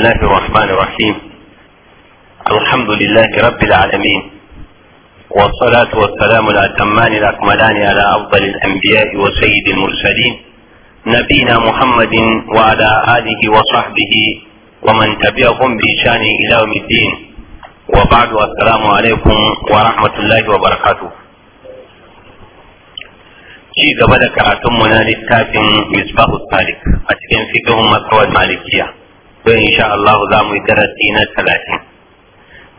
الله الرحمن الرحيم الحمد لله رب العالمين والصلاة والسلام الأتمان الأكملان على أفضل الأنبياء وسيد المرسلين نبينا محمد وعلى آله وصحبه ومن تبعهم بإشانه إلى يوم الدين وبعد السلام عليكم ورحمة الله وبركاته شيء gaba da karatunmu na littafin misbahu salik a cikin don insha Allah za mu yi darasi na talatin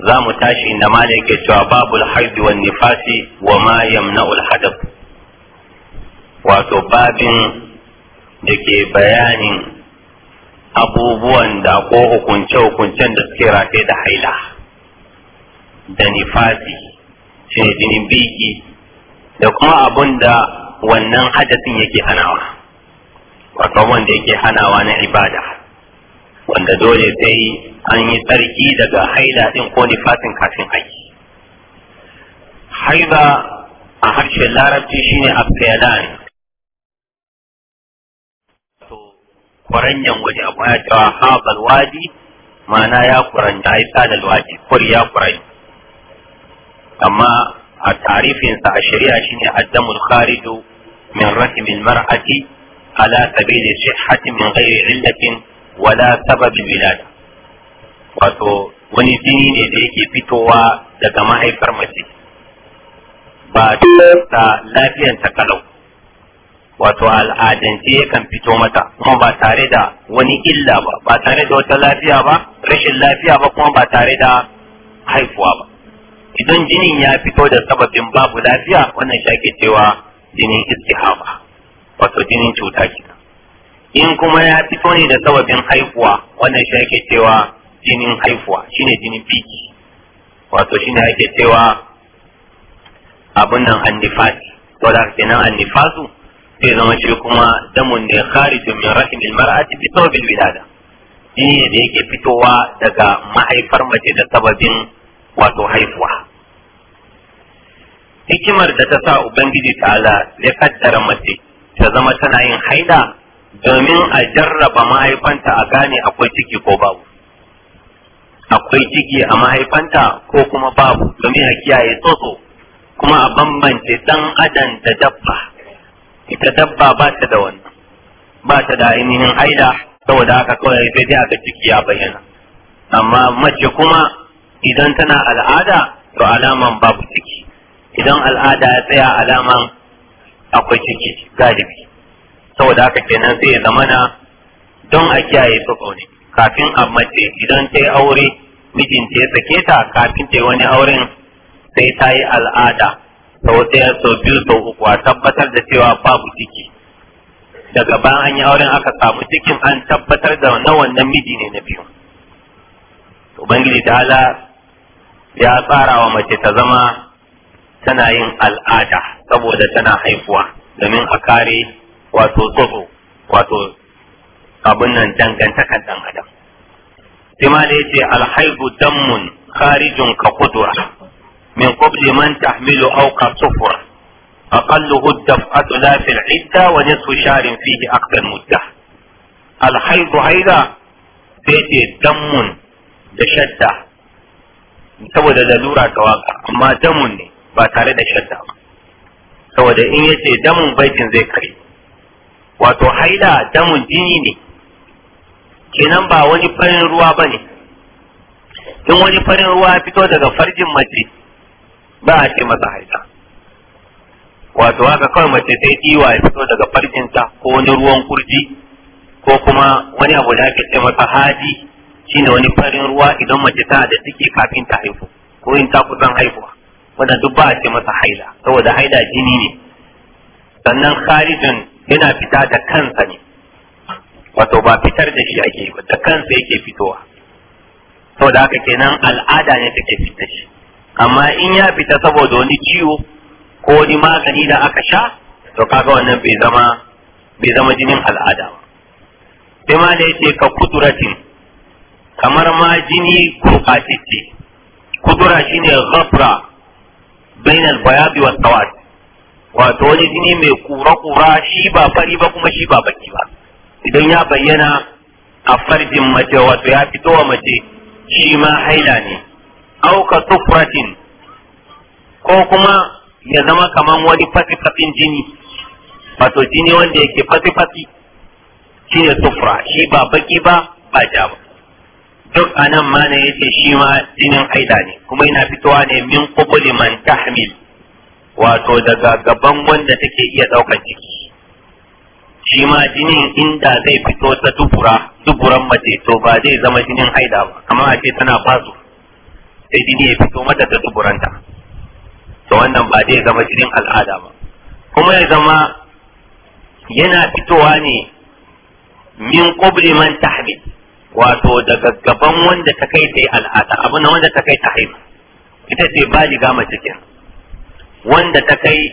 za mu tashi inda mala yake cewa babu hajji wa nifasi wa ma yamna'ul hadab wato babin da ke bayanin abubuwan da ko hukunce-hukuncen da suke rafe da haila da nifasi shine jinin biki da kuma abun da wannan hadasin yake hanawa wato wanda yake hanawa na ibada wanda dole sai an yi tsarki daga haila ɗin ko nifasin kafin haiki. Haiza a harshen larabci shine ne. to kwaranyan waje abu ya cewa haɓar wadi ma'ana ya kuranta ya tsadar wadi kur ya kuranta amma a tarifinsa a shari'a shine addamul kharidu min rahimin mar'ati ala sabili shi hatimin ghairi illatin wala sababin wilada wato wani jini ne da yake fitowa daga mahaifar mace ba ta ta kalau wato al'adance yakan fito mata kuma ba tare da wani illa ba ba tare da wata lafiya ba rashin lafiya ba kuma ba tare da haifuwa ba idan jinin ya fito da sababin babu lafiya wannan shake cewa jinin istihaba wato jinin cuta kenan in kuma ya fito ne da sababin haihuwa wannan shi ake cewa jinin haihuwa shine jinin biki wato shine ake cewa abun nan annifasi to da nan annifasu sai zama shi kuma damun ne kharijun min rahimil mar'ati bi sababil wilada jini da yake fitowa daga mahaifar mace da sababin wato haihuwa hikimar da ta sa ubangiji ta'ala ya kaddara mace ta zama tana yin haida domin a jarraba mahaifanta a gane akwai ciki ko babu akwai ciki a mahaifanta ko kuma babu domin a kiyaye tsoso kuma a bambance dan adam da dabba ita dabba ba ta da wannan ba ta da ainihin haida saboda aka kawai sai dai aka ciki ya bayyana amma mace kuma idan tana al'ada to alaman babu ciki idan al'ada ya tsaya alaman akwai ciki galibi saboda haka kenan sai ya zamana don a kiyaye su ne kafin a mace idan ta yi aure mijinta ya sake ta kafin ta yi wani auren sai ta yi al'ada sau ɗaya sau biyu sau uku a tabbatar da cewa babu ciki daga bayan an yi auren aka samu cikin an tabbatar da na wannan miji ne na biyu ubangiji ala ya tsara wa mace ta zama tana yin al'ada saboda tana haifuwa domin a kare wato tsotso wato abin nan dangantaka dan adam sai ma da yace alhaibu dammun kharijun ka kudura min qabli man tahmilu aw ka sufra aqalluhu daf'atu la fil idda wa nisfu sharin fihi aqdar mudda alhaibu haida sai ce dammun da shadda saboda lalura ta waka amma damun ne ba tare da shadda ba saboda in yace damun baitin zai kare wato haila damun jini ne kenan ba wani farin ruwa ba ne in wani farin ruwa fito daga farjin mace ba a ce masa haila wato haka kawai mace sai ɗiwa ya fito daga farjinta ko wani ruwan kurji ko kuma wani abu da ake ce masa haji shine wani farin ruwa idan mace ta da ciki kafin ta haihu ko in ta kusan haihuwa wanda duk ba a ce masa haila saboda haila jini ne sannan kharijin yana fita da kansa ne wato ba fitar da shi ake ba da kansa yake fitowa saboda haka kenan al'ada ne take fita shi amma in ya fita saboda wani ciwo ko wani magani da aka sha to kaga wannan bai zama bai zama jinin al'ada ba sai ma da yace ka kuduratin kamar ma jini gurɓatacce kudura shine ghafra bainal bayadi wa sawad wato wani jini mai kura-kura shi ba fari ba kuma shi ba baki ba idan ya bayyana a farjin mace wato ya fito wa mace shi ma haila ne auka sufratin ko kuma ya zama kamar wani fasifasin jini wato jini wanda yake fasi shi ne sufra shi ba baki ba ba ja ba duk anan ma na yake shi ma jinin haila ne kuma yana fitowa ne min kubuli man tahmil wato daga gaban wanda take iya ɗaukar ciki shi ma jinin inda zai fito ta dubura duburan mace to ba zai zama jinin haida ba amma a ce tana faso sai jini ya fito mata ta duburanta to wannan ba zai zama jinin al'ada ba kuma ya zama yana fitowa ne min qabli man tahmil wato daga gaban wanda ta kai ta al'ada abu na wanda ta kai ta haihu ita ce baliga mace kenan wanda ta kai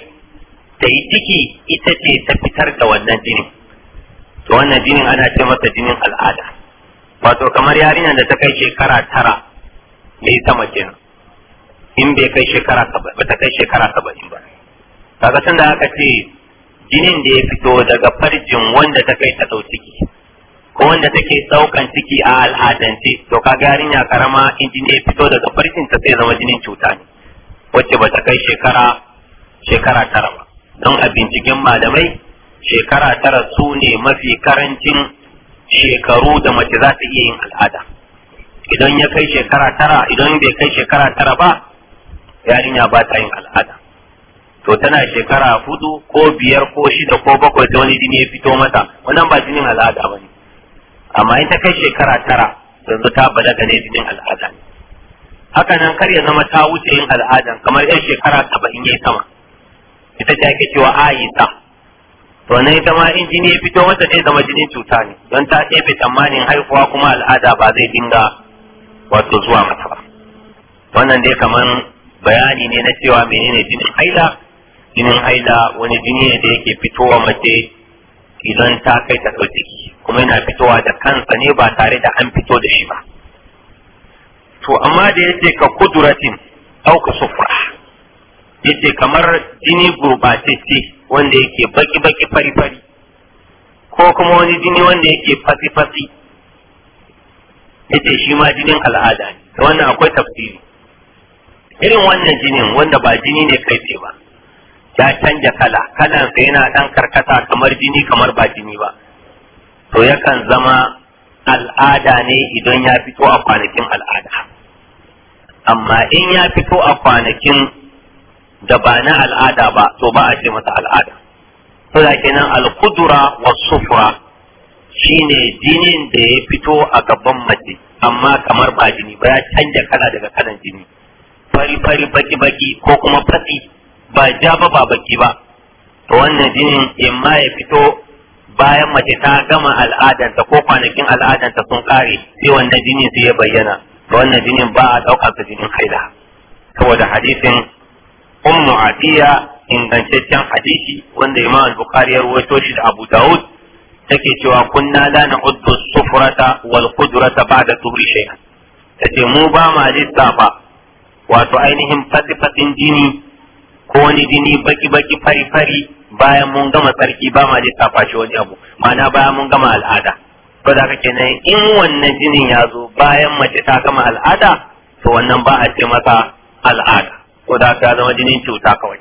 ta yi ciki ita ce ta fitar da wannan jinin to wannan jinin ana ce masa jinin al'ada wato kamar yarinyar da ta kai shekara tara ne sama kenan in bai kai shekara ba ta kai shekara saba'in ba kaga da aka ce jinin da ya fito daga farjin wanda ta kai ta dau ciki ko wanda take saukan ciki a al'adance to kaga yarinya karama in ya fito daga farjin ta sai zama jinin cuta ne wacce ba ta kai shekara shekara tara ba don a binciken malamai shekara tara su ne mafi karancin shekaru da mace za ta iya yin al'ada idan ya kai shekara tara idan bai kai shekara tara ba yarinya ba ta yin al'ada to tana shekara hudu ko biyar ko shida ko bakwai da wani jini ya fito mata wannan ba jinin al'ada ba ne amma in ta kai shekara tara yanzu ta balaga ne jinin al'ada ne Hakanan nan kar ya zama ta wuce yin al'adan kamar 'yar shekara saba'in ya sama ita ce ake cewa sa to ne ita ma in jini ya fito mata ne zama jinin cuta ne don ta ɗebe tsammanin haihuwa kuma al'ada ba zai dinga wato zuwa mata ba wannan dai kamar bayani ne na cewa menene jinin haila jinin haila wani jini ne da yake fitowa mace idan ta kai ta ɗauki kuma yana fitowa da kansa ne ba tare da an fito da shi ba to amma da yace ka kuduratin au ka sufra yace kamar jini gurbatacce wanda yake baki baki fari fari ko kuma wani jini wanda yake fasi fasi yace shi ma jinin al'ada ne wannan akwai tafsiri irin wannan jinin wanda ba jini ne kai ce ba ya canja kala kalansa yana dan karkata kamar jini kamar ba jini ba to yakan zama al'ada ne idan ya fito a kwanakin al'ada amma in ya fito a kwanakin da ba na al'ada ba to ba a ce masa al'ada saboda kenan al-qudura wa sufra shine jinin da ya fito a gaban mace amma kamar ba jini ba ya canja kala daga kalan jini fari fari baki baki ko kuma fatsi ba ja ba baki ba to wannan jinin in ma ya fito bayan mace ta gama al'adanta ko kwanakin al'adanta sun kare sai wannan jini sai ya bayyana to wannan jinin ba a ɗauka sa jinin haila saboda hadisin ummu atiya ingantaccen hadisi wanda imam al-bukhari ya rawaito shi da abu daud take cewa kunna la na'uddu sufrata wal qudrata ba'da tuhri shay'an tace mu ba ma lissafa wato ainihin fatifatin jini ko wani jini baki baki fari fari bayan mun gama tsarki ba ma je tafa shi wani abu mana bayan mun gama al'ada ko da kake nan in wannan jinin ya zo bayan mace ta gama al'ada to wannan ba a ce masa al'ada ko da ta zama jinin cuta kawai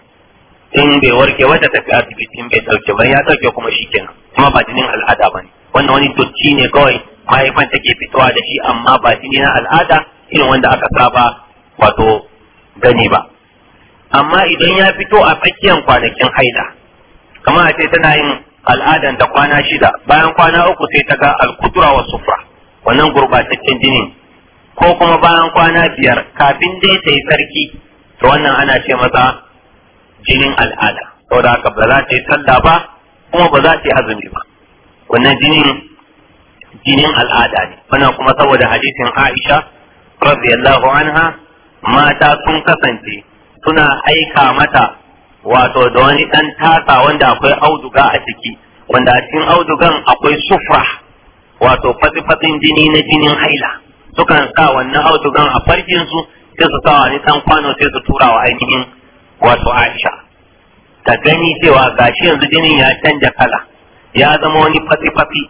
in bai warke wata tafi asibiti bai dauke ba ya dauke kuma shi kenan, kuma ba jinin al'ada ba ne wannan wani dotti ne kawai mahaifan take fitowa da shi amma ba jini na al'ada irin wanda aka saba wato gani ba amma idan ya fito a tsakiyar kwanakin haida kamar a ce tana yin al'adan da kwana shida bayan kwana uku sai ta ga alkutura wa sufra wannan gurbataccen jinin ko kuma bayan kwana biyar kafin dai ta yi sarki to wannan ana ce masa jinin al'ada da haka ba za ta yi sallah ba kuma ba za ta yi azumi ba wannan jinin jinin al'ada ne wannan kuma saboda hadisin Aisha radiyallahu anha mata sun kasance suna aika mata wato da wani ɗan tasa wanda akwai auduga a ciki wanda a cikin audugan akwai sufra wato fatsi jini na jinin haila sukan sa wannan audugan a farkinsu sai su sa wani ɗan kwano sai su tura wa ainihin wato aisha ta gani cewa gashi yanzu jinin ya canja kala ya zama wani fatsi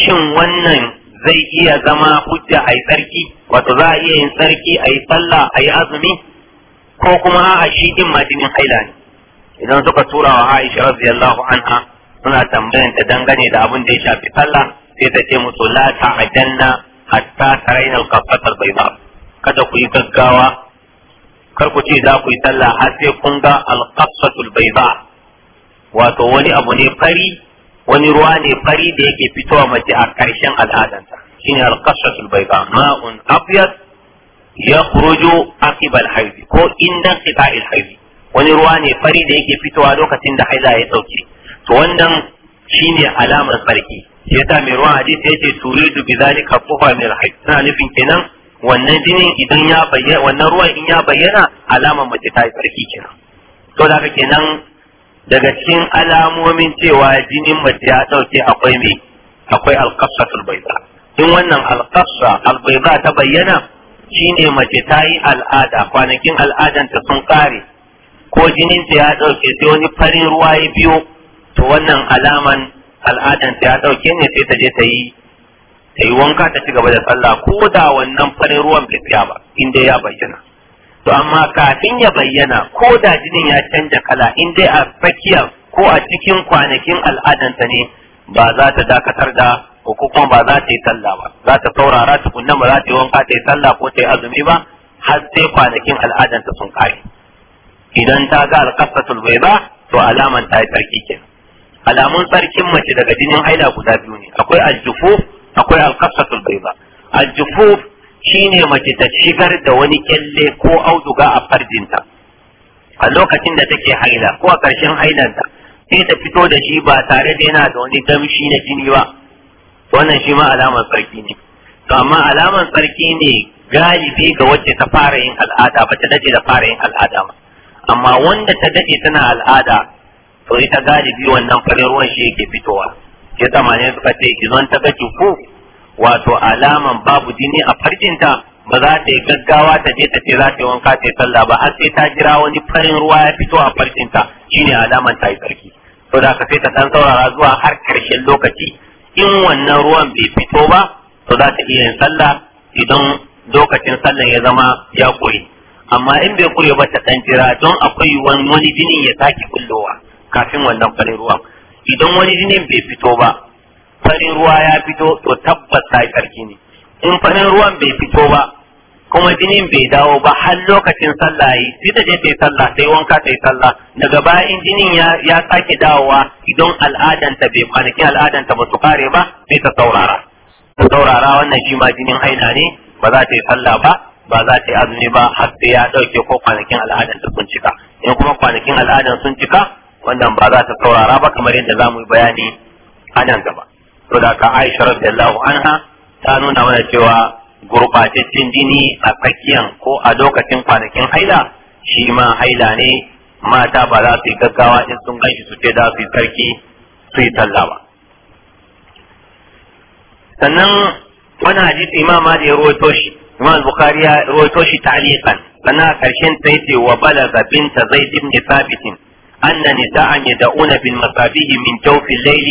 shin wannan zai iya zama hujja a yi tsarki wato za a iya yin tsarki a yi sallah a yi azumi ko kuma a shi din ma jinin haila ne idan suka tura wa Aisha radiyallahu anha suna tambayan ta dangane da abin da ya shafi sallah sai ta ce musu la ta'adanna hatta taraina al-qaffat al-bayda kada ku yi gaggawa kar ku ce za ku yi sallah har sai kun ga al-qaffatul bayda wato wani abu ne fari wani ruwa ne fari da yake fitowa mace a karshen al'adanta shine al-qaffatul bayda ma'un abyad ya kurojo akibar haizi ko indan qita il haizi wani ruwa ne fari da yake fitowa lokacin da haiza ya dauke to wannan shine alamar sarki yasa mai ruwan hadisi yace turidu da zalika ka min mai hayd tana nufin kenan wannan jinin idan ya bayyana wannan ruwan in ya bayyana alamar mace ta yi sarki kenan to da kenan daga cikin alamomin cewa jinin mace ya dauke akwai me akwai al-qassatul bayda in wannan al-qassa ta bayyana shine mace ta yi al'ada kwanakin al'adanta sun kare ko jininta ya ɗauke sai wani farin ruwa ya biyo to wannan alaman al'adanta ya ɗauke ne sai ta je ta yi ta yi wanka ta ci gaba da sallah ko da wannan farin ruwan bai tsaya ba in ya bayyana to amma kafin ya bayyana ko da jinin ya canja kala in dai a tsakiya ko a cikin kwanakin al'adanta ne ba za ta dakatar da ko kuma ba za ta yi sallah ba za ta saurara tukunna ba za ta yi wanka ta yi sallah ko ta yi azumi ba har sai kwanakin al'adanta sun kare idan ta ga alƙasatul bai ba to alaman ta yi tsarki kenan alamun tsarkin mace daga jinin haila guda biyu ne akwai aljufu akwai alƙasatul bai ba aljufu shine mace ta shigar da wani kyalle ko auduga a farjinta a lokacin da take haila ko a ƙarshen hailanta sai ta fito da shi ba tare da yana da wani damshi na jini ba wannan shi ma alamar sarki ne to amma alamar sarki ne galibi ga wacce ta fara yin al'ada ba ta dace da fara yin al'ada ba amma wanda ta dace tana al'ada to ita galibi wannan farin ruwan shi yake fitowa ke tamanin suka ce zon ta gaji ko wato alaman babu jini a farjinta ba za ta yi gaggawa ta je ta ce za ta yi wanka ta yi sallah ba har sai ta jira wani farin ruwa ya fito a farjinta shine alaman ta yi sarki to da ka sai ta dan saurara zuwa har karshen lokaci in wannan ruwan bai fito ba to za ta iya yin sallah idan lokacin sallah ya zama ya kure amma in bai kure ba ta dan jira don akwai wani jinin ya sake kullowa kafin wannan farin ruwan idan wani jinin bai fito ba farin ruwa ya fito to tabbas ta sarki ne in farin ruwan bai fito ba kuma jinin bai dawo ba har lokacin sallah yi sai ta je ta yi sallah sai wanka ta yi sallah daga baya in jinin ya ya sake dawowa idan al'adanta bai kwanaki al'adanta ba su kare ba sai ta saurara ta saurara wannan shi ma jinin haina ne ba za ta yi sallah ba ba za ta yi azumi ba har sai ya dauke ko kwanakin al'adanta sun cika in kuma kwanakin al'adan sun cika wannan ba za ta saurara ba kamar yadda za mu yi bayani a nan gaba. Saboda ka Aisha radiyallahu anha ta nuna mana cewa gurbataccen jini a tsakiyan ko a lokacin kwanakin haila shi ma haila ne mata ba za su yi gaggawa in sun ganshi su ce za su yi sarki su yi tallawa sannan wani hadisi imam Ali ya rawaito shi imam Bukhari ya rawaito shi ta'liqan sannan a karshen sai ce wa balaga binta zaid ibn thabit anna nisa'an una bin masabih min jawfi al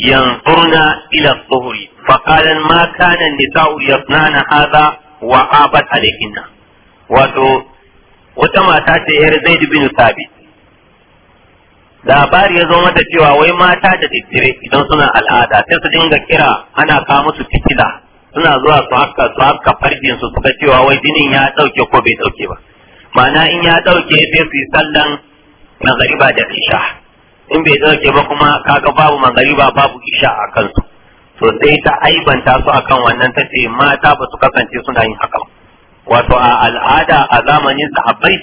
yanzurna ila adh فقال ما كان النساء يصنعن هذا وعابت عليهن wato wata mata ce yar zaidu bin sabit labari ya zo mata cewa wai mata da daddare idan suna al'ada sai su dinga kira ana kawo musu fitila suna zuwa su haka su haka farjin su suka cewa wai jinin ya dauke ko bai dauke ba ma'ana in ya dauke sai su yi sallan magariba da isha in bai dauke ba kuma kaga babu magariba babu isha a kansu to sai ta aibanta su akan wannan ta ce mata ba su kasance suna yin haka wato a al'ada a zamanin sahabbai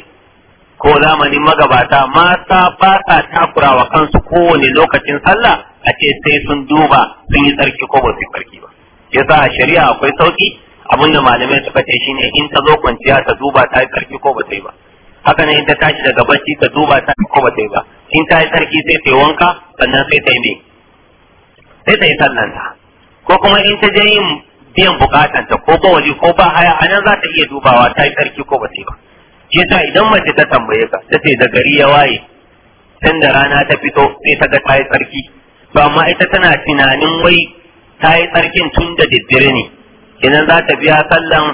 ko zamanin magabata mata ba sa takura wa kansu kowane lokacin sallah a ce sai sun duba sun yi tsarki ko ba su yi tsarki ba yasa a shari'a akwai sauki abinda malamai suka ce shine in ta zo kwanciya ta duba ta yi tsarki ko ba ta yi ba haka ne in ta tashi daga bacci ta duba ta yi ko ba ta yi ba in ta yi tsarki sai ta yi wanka sannan sai ta yi me sai ta yi sallanta ko kuma in ta je yin biyan bukatanta ko ba waje ko ba haya a nan za ta iya dubawa ta yi tsarki ko ba ta yi ba shi yasa idan mace ta tambaye ka ta ce da gari ya waye tun da rana ta fito sai ta ga ta yi tsarki to amma ita tana tunanin wai ta yi tsarkin tun da daddare ne idan za ta biya sallan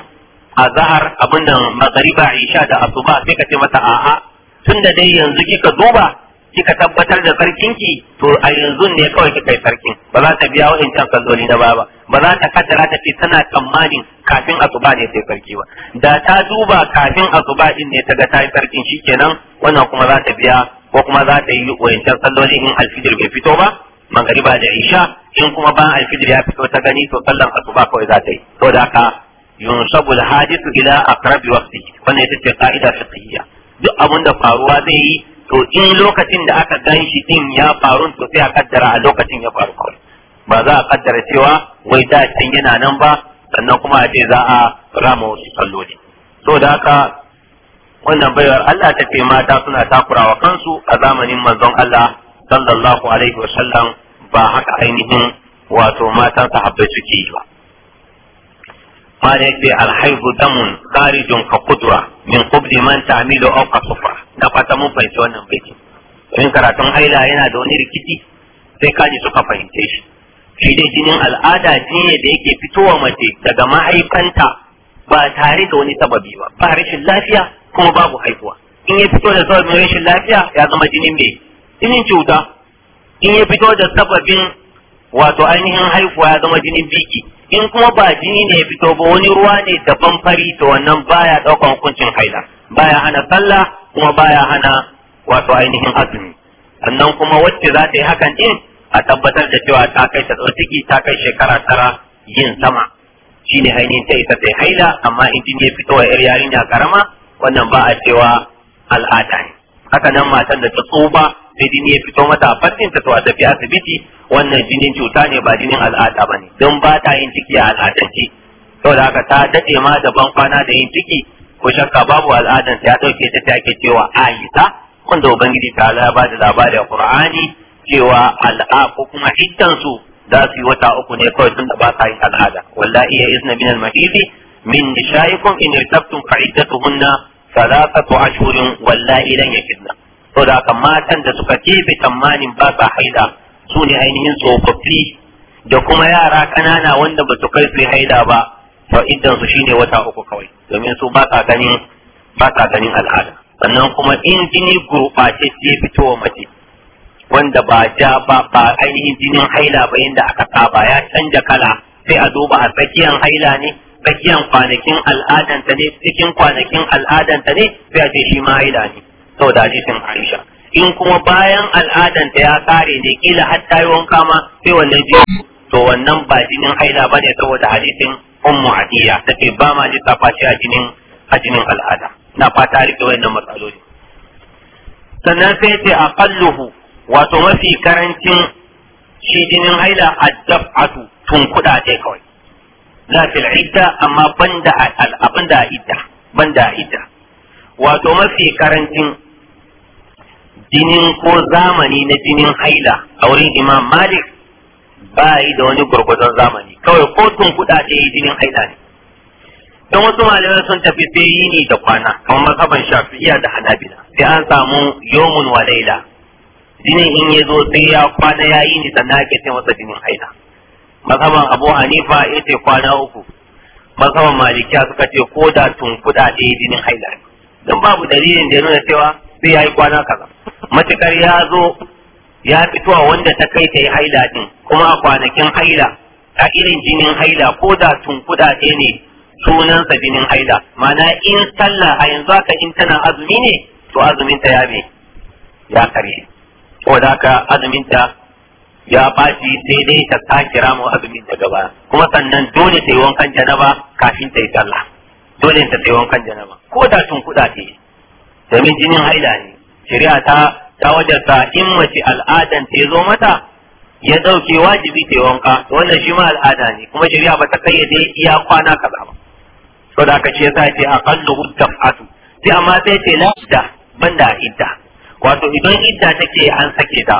azahar abin da magariba isha da asuba sai ka ce mata a'a tun da dai yanzu kika duba kika tabbatar da sarkin ki to a yanzu ne kawai kika yi sarkin ba za ta biya wa'in can kalloli na baba ba za ta kaddara ta ce tana tsammanin kafin asuba ne sai sarki ba da ta duba kafin asuba din ne ta ga ta yi sarkin kenan wannan kuma za ta biya ko kuma za ta yi wa'in can salloli in alfijir bai fito ba magariba da isha in kuma ba alfijir ya fito ta gani to sallan asuba kawai za ta yi to da haka yunsabul hadithu ila aqrabi waqti wannan ita ce ka'ida fiqhiyya duk abin da faruwa zai yi to in lokacin da aka gan shi din ya faru to sai a kaddara a lokacin ya faru kawai ba za a kaddara cewa wai da can yana nan ba sannan kuma a ce za a rama wasu salloli so da haka wannan baiwar Allah ta ce mata suna takurawa kansu a zamanin manzon Allah sallallahu alaihi wa sallam ba haka ainihin wato matan sahabbai suke yi ba ma da yake alhaibu damun kharijun ka kudura min qubli man ta'milu aw ka na fata mun fahimci wannan baiti in karatun haila yana da wani rikici sai kaji suka fahimce shi shi dai jinin al'ada ne da yake fitowa mace daga mahaifanta ba tare da wani sababi ba ba rashin lafiya kuma babu haihuwa in ya fito da sababin rashin lafiya ya zama jinin mai jinin cuta in ya fito da sababin wato ainihin haihuwa ya zama jinin biki in kuma ba jini ne ya fito ba wani ruwa ne daban fari to wannan baya daukan hukuncin haila baya hana sallah kuma baya hana wato ainihin azumi sannan kuma wacce za ta yi hakan din a tabbatar da cewa ta kai ta ciki ta kai shekara tara yin sama Shi ne ainihin ta isa ta haila amma in jini ya fito wa yar yarinya karama wannan ba a cewa al'ada ne haka nan matan da ta tsoba sai jini ya fito mata a fannin ta a tafi asibiti wannan jinin cuta ne ba jinin al'ada ba ne don ba ta yin ciki a al'adance saboda haka ta daɗe ma da ban kwana da yin ciki ko shakka babu al'adan ya dauke ta take cewa ahisa wanda ubangiji ta ala ba da labari qur'ani cewa al'a ko kuma iddan su za su yi wata uku ne kawai tun da ba sa yin al'ada wallahi ya izna min al-mahidi min nisha'ikum in irtabtum fa iddatuhunna thalathatu ashhurin wallahi lan yakidna saboda haka matan da suka kebe tamanin ba sa haida su ne ainihin tsofaffi da kuma yara kanana wanda ba su kai haida ba to su shine wata uku kawai domin su ba ganin ba ganin al'ada sannan kuma in jini gurɓace ce fitowa mace wanda ba ja ba ba ainihin jinin haila ba inda aka saba ya canja kala sai a duba a tsakiyan haila ne tsakiyan kwanakin al'adanta ne cikin kwanakin al'adanta ne sai a ce shi ma haila ne saboda hadisin Aisha in kuma bayan al'adanta ya kare ne kila har yi wanka ma sai wannan jini to wannan ba jinin haila bane saboda hadisin ummu adiya take ba ma lissafa shi a jinin a jinin al'ada na fata rike wannan matsaloli sannan sai ce aqalluhu wato mafi karancin shi jinin haila addaf'atu tun kuɗa kawai la fil idda amma banda abinda idda banda idda wato mafi karancin jinin ko zamani na jinin haila a wurin imam malik ba yi da wani gurgurdan zamani kawai ko tun kuɗaɗe jinin aina ne don wasu malamai sun tafi sai yi ni da kwana kamar mazhaban shafi'iyya da hanabila sai an samu yomun wa laila jinin in ya zo sai ya kwana ya yi ni sannan ke ce masa jinin aina. mazhaban abu hanifa ya ce kwana uku mazhaban malikiya suka ce ko da tun kuɗaɗe jinin aina ne don babu dalilin da ya nuna cewa sai ya yi kwana kaza matukar ya zo ya fitowa wanda ta kai ta yi haila din kuma a kwanakin haila a irin jinin haila ko da tunkuda ɗaya ne sunansa jinin haila mana in sallah a yanzu haka in tana azumi ne to azumin ta ya me ya kare da ka azumin ta ya ɓaci sai dai ta kira ramu azumin ta gaba kuma sannan dole ta yi wankan janaba kafin ta yi sallah dole ta yi wankan janaba ko da tunkuda ce domin jinin haila ne shari'a ta ta sa, in mace al'adan ta zo mata ya dauke wajibi ta wanka wannan shi ma al'ada ne kuma shari'a ba ta kayyade iya kwana kaza ba so da kace sai ce aqallu daf'atu sai amma sai ce da banda idda wato idan idda take an sake ta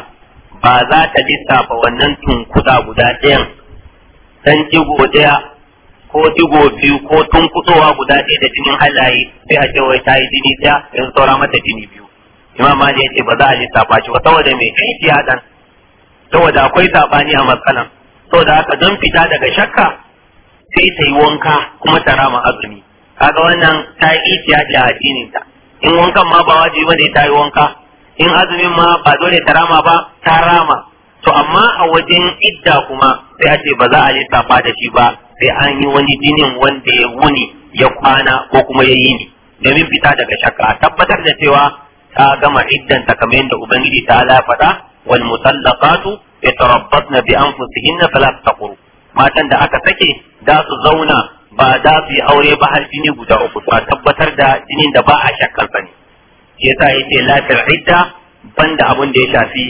ba za ta lissafa wannan tunkuda guda ɗayan dan jigo ɗaya ko jigo biyu ko tunkutowa guda ɗaya da jinin halaye sai a ce wai ta yi jini ɗaya in saura mata jini biyu imam mali ya ce ba za a lissafa shi ba saboda mai aiki ɗan saboda akwai sabani a matsalan saboda haka don fita daga shakka sai ta yi wanka kuma ta rama azumi kaga wannan ta yi ihtiyadi a addinin ta in wankan ma ba wajibi ba ne ta yi wanka in azumin ma ba dole ta rama ba ta rama to amma a wajen idda kuma sai a ce ba za a lissafa da shi ba sai an yi wani jinin wanda ya wuni ya kwana ko kuma ya yi ni domin fita daga shakka a tabbatar da cewa ta gama iddanta kamar yadda ubangiji ta ala faɗa wal mutallaqatu yatarabbasna bi anfusihinna fala taqru matan da aka sake da su zauna ba da su yi aure ba har jini guda uku ba tabbatar da jinin da ba a shakkan sani ke yasa yake la idda banda abun da ya shafi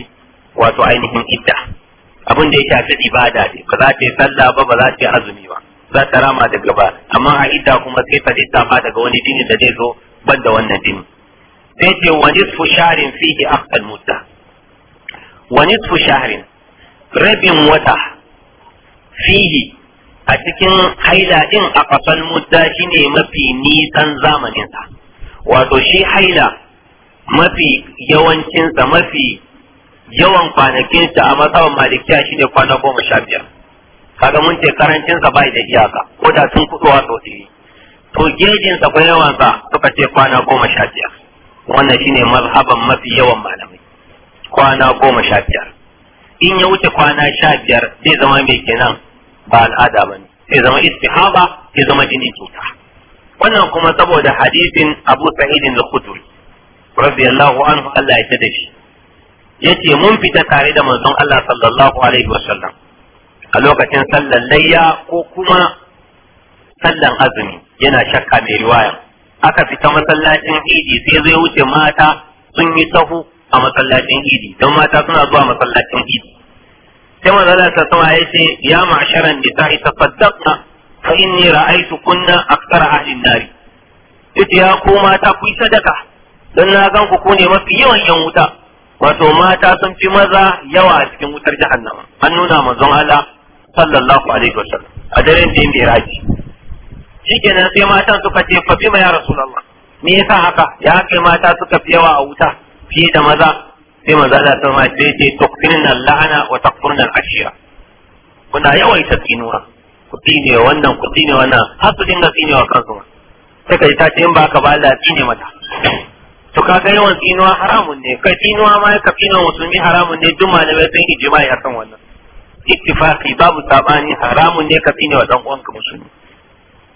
wato ainihin idda abun da ya shafi ibada ne ba za ta yi sallah ba ba za ta yi azumi ba za ta rama daga ba amma a idda kuma sai ta lissafa daga wani jini da zai zo banda wannan jini sai ce wa nisfu sharin fihi aqsal mudda wa nisfu sharin rabin wata fihi a cikin haila din a fasal mudda shine mafi nisan zamanin sa wato shi haila mafi yawancin sa mafi yawan kwanakin sa a matsayin malikiya shine kwana goma sha biyar kaga mun ce karancin sa bai da iyaka ko da sun kudowa sau to gejin sa ko sa suka ce kwana goma sha biyar wannan shine mazhaban mafi yawan malamai kwana goma sha biyar in ya wuce kwana sha biyar zai zama mai kenan ba al'ada ba ne zai zama istihaba zai zama jini kyauta. wannan kuma saboda hadisin abu sa'idin al rabbi radiyallahu anhu Allah ya da shi ya ce mun fita tare da manzon Allah sallallahu alaihi wa sallam, a lokacin sallan layya ko kuma sallan azumi yana shakka mai riwaya aka fita masallacin idi sai zai wuce mata sun yi sahu a masallacin idi don mata suna zuwa masallacin idi sai manzala ta sama ya ce ya ma'asharan nisa'i tafaddaqna fa inni ra'aytu kunna aktsara ahlin nari Ita ya ko mata ku sadaka don na gan ku ne mafi yawan yan wuta wato mata sun fi maza yawa a cikin wutar jahannama an nuna manzon Allah sallallahu alaihi wasallam a daren da yin miraji shikenan sai matan suka ce fa bima ya rasulullah me yasa haka ya kai mata suka fi yawa a wuta fiye da maza sai maza da sun ma sai ce tukfinna la'ana wa takfurna ashira kuna yawaita tsinuwa ku tsine wannan ku tsine wannan har su dinga tsinewa wa kansu sai ka ta ce in ba ka ba Allah tsine mata to kaga yawan tsinuwa haramun ne kai tsinuwa ma ka tsina musulmi haramun ne duk malamai sun ijma'i akan wannan ittifaqi babu sabani haramun ne ka tsine wa dan uwanka musulmi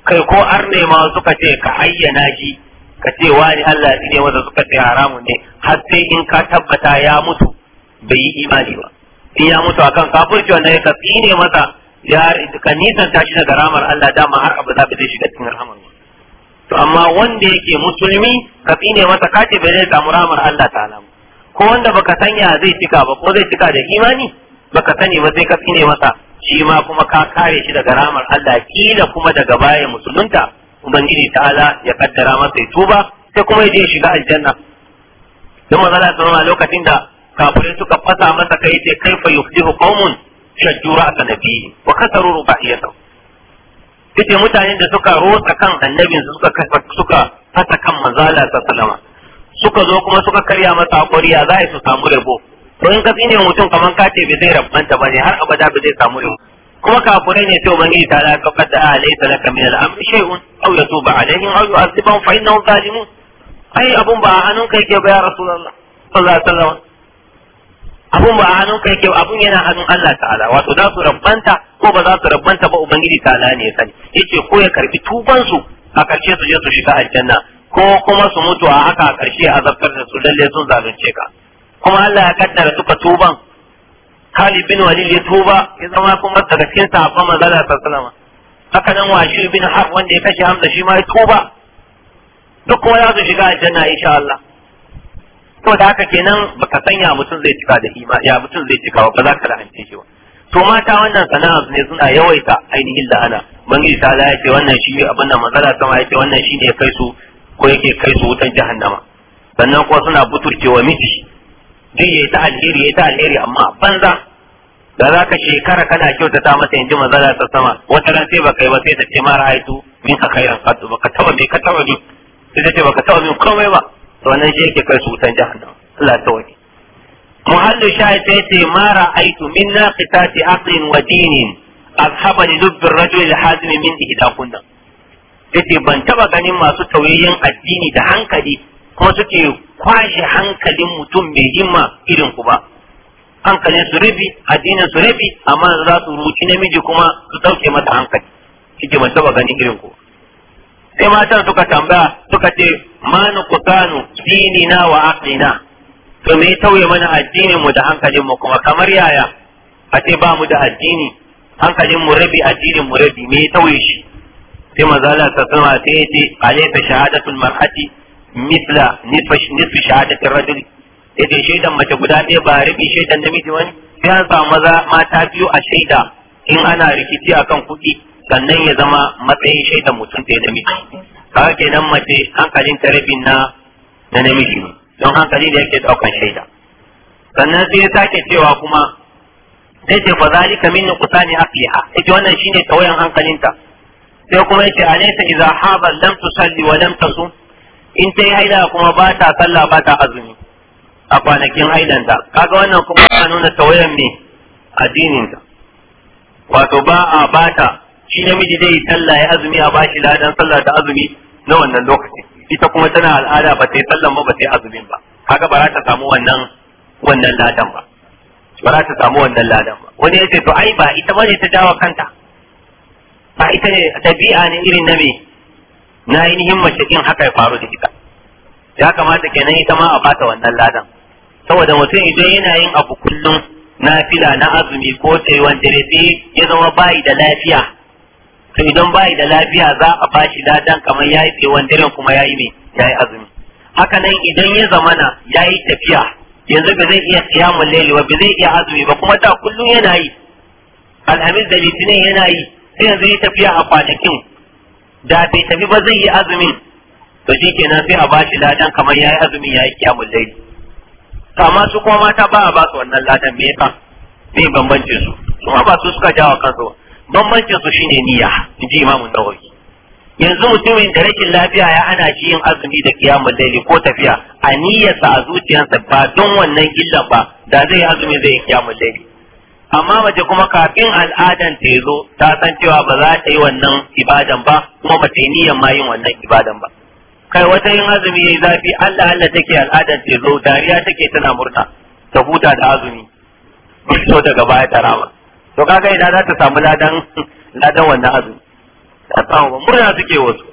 kai ko arne ma suka ce ka ayyana shi ka ce wani Allah ya wanda suka ce haramun ne har sai in ka tabbata ya mutu bai yi imani ba in ya mutu akan kafirci na ka ne masa ya ka nisan tashi daga ramar Allah dama har abu za zai shiga cikin rahamar ba to amma wanda yake musulmi ka ne masa ce bai zai samu ramar Allah alamu ko wanda baka sanya zai cika ba ko zai cika da imani baka sani ba sai ka tsine masa shi ma kuma ka kare shi daga ramar Allah kila kuma daga baya musulunta ubangiji ta'ala ya kaddara masa ya tuba sai kuma ya je shiga aljanna don manzala sallallahu lokacin da kafirai suka fasa masa kai sai kaifa yufdihu qaumun shajjura a nabiyyi wa kasaru rubaiyatahu yace mutanen da suka rotsa kan annabin suka suka fasa kan manzala sallallahu salama suka zo kuma suka karya masa hakuri za su samu rabo ko in ka tsine mutum kaman ka ce bai zai rabanta ba ne har abada bai zai samu yau kuma kafurai ne sai bangi ta la ka da alaysa salaka min al'amri shay'un aw yatuba alaihim aw yu'adhibahum fa innahum zalimun ai abun ba a kai ke ba ya rasulullah sallallahu alaihi wasallam abun ba a kai ke abun yana hannun Allah ta'ala wato za su rabanta ko ba za su rabanta ba ubangiji ta'ala ne ya sani yace ko ya karbi tuban su a karshe su je su shiga aljanna ko kuma su mutu a haka a karshe azabtar da su lalle sun zalunce ka kuma Allah ya kaddara suka tuban Khalid bin Walid ya tuba ya zama kuma daga cikin sahabban manzo Allah sallallahu haka nan Washir bin Harb wanda ya kashe Hamza shi ma ya tuba duk kuma za su shiga aljanna insha Allah to da haka kenan baka san ya mutum zai cika da ima ya mutum zai cika ba za ka la'ance shi ba to mata wannan sana'a ne suna yawaita ainihin lahana bangi ta ya ce wannan shi abin da manzala sama ya ce wannan shi ne kai su ko yake kai su wutan jahannama sannan kuma suna buturce wa miji duk yayi ta alheri yayi ta alheri amma banza da za ka shekara kana kyautata masa yanzu manzala ta sama wata ran sai baka yi ba sai ta ce mara haitu min ka kairan ka baka taba me ka taba ni sai ta ce baka taba min komai ba to nan shi yake kai su wutan jahannam Allah ta wani muhallu shahid sai ce mara aitu min naqitati aqlin wa dinin dubb ar rajul al-hazim min ihdakunna ce ban taba ganin masu tauyayyen addini da hankali ko suke kwashe hankalin mutum mai himma irin ku ba hankalin su rabi addinin su rabi amma za su ruci namiji kuma su dauke masa hankali kike ban taba gani irin ku sai matan suka tambaya suka ce ku ma dini na wa aqlina to me tauye mana addinin mu da hankalin mu kuma kamar yaya a ce ba mu da addini hankalin mu rabi addinin mu rabi me tauye shi sai manzo sama sallallahu sai ce shahadatul mar'ati misla nisfi shahadatin rajuli yace shaidan mace guda ɗaya ba rabi shaidan namiji wani sai an samu maza mata biyu a shaida in ana rikici akan kuɗi sannan ya zama matsayin shaidan mutum ɗaya namiji kaga kenan mace hankalin ta rabin na na namiji ne don hankali da yake ɗaukan shaida sannan sai ya sake cewa kuma sai ce fa zalika min nuqsani aqliha ita wannan shine tawayan hankalinta sai kuma yace alaysa iza haba lam tusalli wa lam tasum in ta yi haila kuma ba ta sallah ba ta azumi a kwanakin hailanta kaga wannan kuma ba nuna tawayan me addininta wato ba a bata shi namiji zai yi sallah ya azumi a bashi ladan sallah da azumi na wannan lokacin ita kuma tana al'ada ba ta yi sallan ba ba ta yi azumin ba kaga ba za ta samu wannan wannan ladan ba ba za ta samu wannan ladan ba wani ya ce to ai ba ita ba ne ta dawo kanta ba ita ne dabi'a ne irin na me na ainihin mace in haka ya faru da ita ya kamata kenan ita ma a fata wannan ladan saboda mutum idan yana yin abu kullum na fila na azumi ko tsayuwan dare ya zama bayi da lafiya to idan bayi da lafiya za a bashi ladan kamar yayi tsayuwan dare kuma yayi me yayi azumi haka nan idan ya zamana yayi tafiya yanzu ba zai iya qiyamul layli ba zai iya azumi ba kuma da kullum yana yi alhamis da litinin yana yi sai yanzu ya tafiya a kwanakin da bai tafi ba zai yi azumin to shi kenan sai a bashi ladan kamar ya yi azumin ya yi kiyamun laili kama su kuma mata ba a ba su wannan ladan me yasa me bambancin su su ma ba su suka jawo kansu bambancin su shine niyya in ji imamu nawawi yanzu mutumin da rashin lafiya ya ana shi yin azumi da kiyamun laili ko tafiya a niyyarsa a zuciyarsa ba don wannan illa ba da zai azumi zai yi kiyamun laili amma mace kuma kafin al'adan ta zo ta san cewa ba za ta yi wannan ibadan ba kuma ba ta yi niyyar ma yin wannan ibadan ba kai wata yin azumi yayi zafi Allah Allah take al'adan ta zo dariya take tana murna ta huta da azumi so daga baya ta rama to kaga idan za ta samu ladan ladan wannan azumi ta samu ba murna suke wasu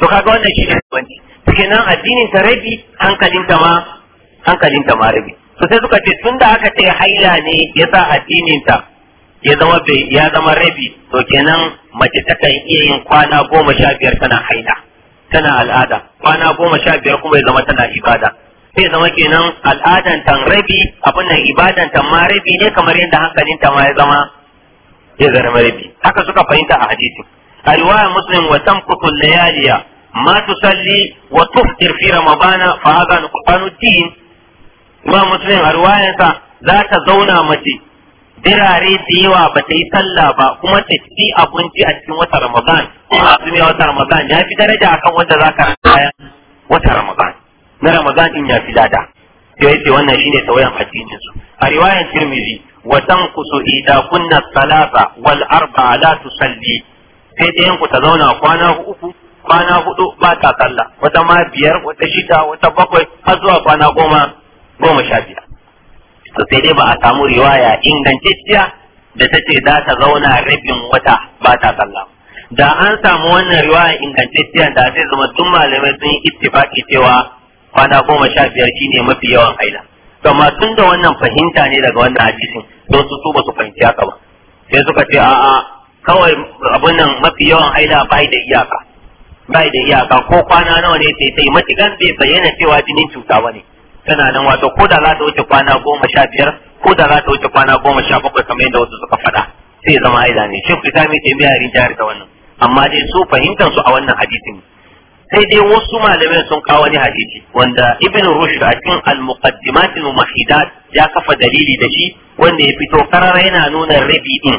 to kaga wannan shi ne wani kenan addinin ta rabi hankalinta ma hankalinta ma rabi to sai suka ce tunda aka ce haila ne yasa addinin ta ya zama bai ya zama rabi to kenan mace takan iya yin kwana goma sha biyar tana haila tana al'ada kwana goma sha biyar kuma ya zama tana ibada sai zama kenan al'adan tan rabi abin nan ibadan tan ma rabi ne kamar yadda hankalin ta ma ya zama ya zama rabi haka suka fahimta a hadisi alwaya muslim wa tamkutu layaliya ma tusalli wa tuftir fi ramadana fa hadha nuqtanu din imam muslim a ruwayansa za ta zauna mace birare da yawa ba ta yi sallah ba kuma ta ci abinci a cikin wata ramadan kuma a a wata ramadan ya fi daraja akan wanda za ka raya wata ramadan na ramadan in ya fi lada sai yace wannan shine tawayan addinin su a riwayan tirmizi wa tanqusu kunna salasa wal arba'a la tusalli sai dai ku ta zauna kwana uku kwana hudu ba ta sallah wata ma biyar wata shida wata bakwai har zuwa kwana goma goma sha biyar to sai dai ba a samu riwaya ingantacciya da ta ce za ta zauna rabin wata ba ta sallah da an samu wannan riwaya ingantacciya da zai zama tun malamai sun yi ittifaki cewa kwana goma sha biyar ne mafi yawan haila amma tun da wannan fahimta ne daga wannan hadisin don su su ba su fahimci haka ba sai suka ce a'a kawai abun nan mafi yawan haila ba da iyaka Ba da iyaka ko kwana nawa ne sai sai matikan bai bayyana cewa jinin cuta ba ne. tana nan wato ko da za ta wuce kwana goma sha biyar ko da za ta wuce kwana goma sha bakwai kamar yadda wasu suka faɗa sai zama haila ne shin fita mai taimiya jihar da wannan amma dai su fahimtar su a wannan hadisin sai dai wasu malamai sun kawo wani hadisi wanda ibn rushd a cikin al-muqaddimat al ya kafa dalili da shi wanda ya fito karara yana nuna rabi din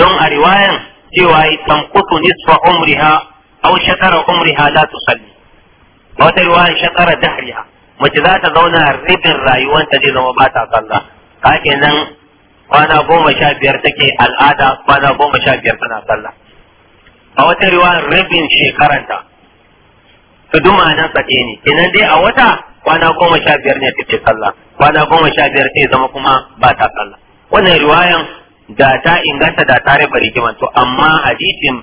don a riwayan cewa tamkutu nisfa umriha aw shakara umriha la tusalli wata riwayan shakara dahriha mace za ta zauna ribin rayuwanta zai zama ba ta sallah ka kenan kwana goma sha biyar take al'ada kwana goma sha biyar tana sallah a wata riwa ribin shekaranta su duma nan tsaye ne kenan dai a wata kwana goma sha biyar ne take sallah kwana goma sha biyar ta zama kuma ba ta sallah wannan riwayan da ta inganta da ta rabar rigiman to amma hadisin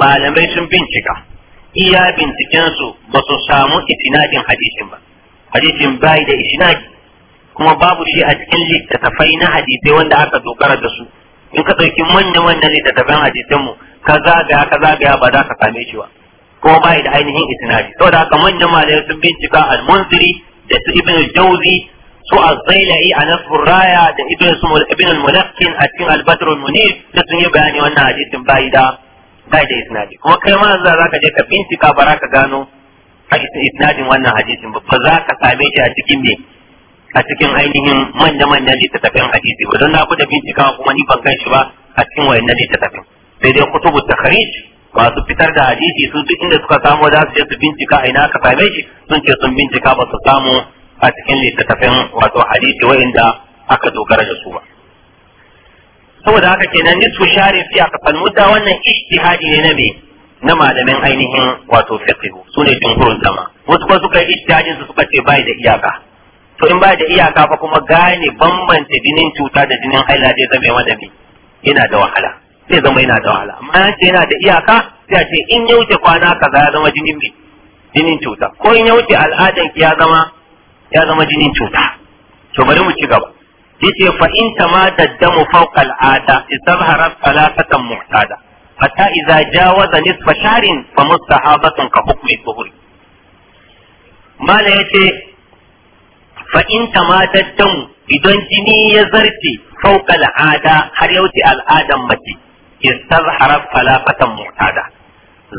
malamai sun bincika iya bincikensu ba su samu itinadin hadisin ba hadisin bai da isnadi kuma babu shi a cikin littattafai na hadisai wanda aka dogara da su in ka ɗauki manyan wannan littattafan hadisanmu ka zagaya ka zagaya ba za ka same shi ba kuma bai da ainihin isnadi saboda haka manyan malamai sun bincika al-munziri da su ibn al-jawzi su az-zailai a nasbur raya da ibn ibn al a cikin al-badr al-munir da sun yi bayani wannan hadisin bai da bai da isnadi kuma kai ma za ka je ka bincika ba za ka gano a isnadin wannan hadisin ba za ka same shi a cikin me a cikin ainihin manya-manyan littattafan hadisi ba don na ku da bincika kuma ni ban kai shi ba a cikin wayannan littattafan. sai dai kutubu takhrij masu fitar da hadisi su duk inda suka samu za su je su bincika a ina ka same shi sun ce sun bincika ba su samu a cikin littattafin wato hadisi wayanda aka dogara da su ba saboda haka kenan nisfu shari a aka mudda wannan ijtihadi ne na me na malamin ainihin wato fiqh su ne jumhurun sama wasu kuma suka yi ijtihadin su suka ce bai da iyaka to in bai da iyaka fa kuma gane bambanta jinin cuta da jinin haila zai zama yawa da yana da wahala zai zama yana da wahala amma ya ce yana da iyaka sai a ce in ya wuce kwana kaza ya zama jinin mai jinin cuta ko in ya wuce al'adan ya zama ya zama jinin cuta to bari mu ci gaba yace fa in tamada damu fawqa al'ada istazharat salasatan muhtada hatta idza jawaza nisfa sharin fa mustahabatun ka hukmi dhuhri mala yace fa in tamadat dam idan jini ya zarce fauka al'ada har ya wuce al'adan mace istazhara falafatan mu'tada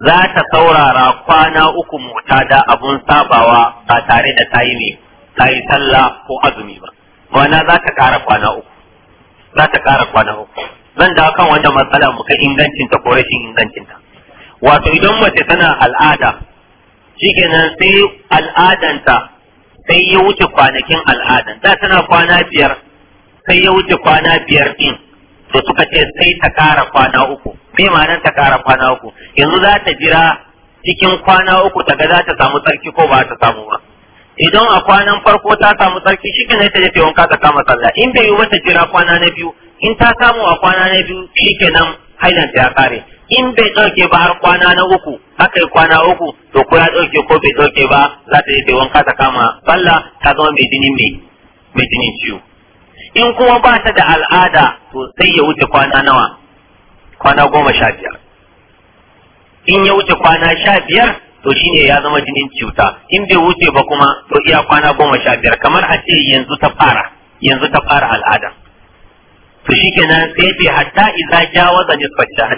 za ta saurara kwana uku mu'tada abun sabawa ba tare da tayi ne tayi sallah ko azumi ba ma'ana za ta kara kwana uku za ta kara kwana uku zan da kan wata matsala mu kai ingancinta ko rashin ingancinta wato idan mace tana al'ada shikenan sai al'adanta sai ya wuce kwanakin al'adan da tana kwana biyar sai ya wuce kwana biyar din to suka ce sai ta kara kwana uku me ma'anar ta kara kwana uku yanzu za ta jira cikin kwana uku ta ga za ta samu tsarki ko ba ta samu ba idan a kwanan farko ta samu tsarki shi ne ta je wanka ta kama sallah in bai yi mata jira kwana na biyu in ta samu a kwana na biyu nan hailan ta kare in bai dauke ba har kwana na uku haka kwana uku to ko ya dauke ko bai dauke ba za ta yi bai wanka ta kama balla ta zama mai jinin mai jini ciwo in kuma ba ta da al'ada to sai ya wuce kwana nawa kwana goma sha biyar in ya wuce kwana sha biyar to shine ya zama jinin ciwuta in bai wuce ba kuma to iya kwana goma sha biyar kamar a ce yanzu ta fara yanzu ta fara al'ada to shikenan sai bai hatta idza jawaza nisfa shahr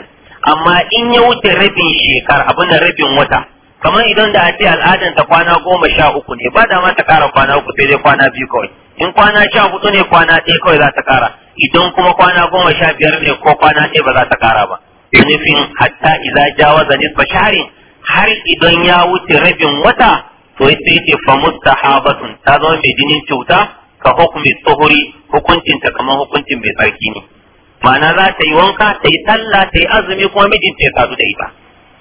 amma in ya wuce rabin shekar abin da rabin wata kamar idan da a ce al'adan ta kwana goma sha uku ne ba da ma ta kara kwana uku sai dai kwana biyu kawai in kwana sha hudu ne kwana ɗaya kawai za ta kara idan kuma kwana goma sha biyar ne ko kwana ɗaya ba za ta kara ba nufin hatta idza jawaza nisfa shahrin har idan ya wuce rabin wata to sai ce fa mustahabatun ta zama mai jinin cuta ka hukumi tsohuri hukuncin ta kamar hukuncin mai tsarki ne ma'ana za ta yi wanka ta yi sallah ta yi azumi kuma mijinta ya sadu da ita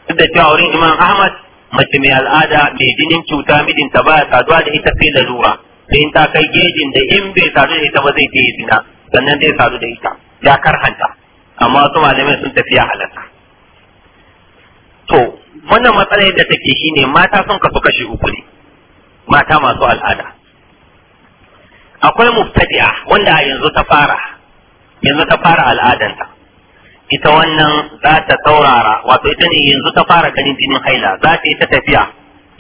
duk da cewa wurin imam ahmad mace mai al'ada mai jinin cuta mijinta baya saduwa da ita sai lalura sai in ta kai gejin da in bai sadu da ita ba zai je zina sannan zai sadu da ita ya karhanta amma wasu malamai sun tafiya halarta. to wannan matsalar da take shine mata sun kasu kashi uku ne mata masu al'ada akwai mubtadi'a wanda yanzu ta fara yanzu ta fara al'adanta ita wannan za ta taurara wato ita ne yanzu ta fara ganin jinin haila za ta yi ta tafiya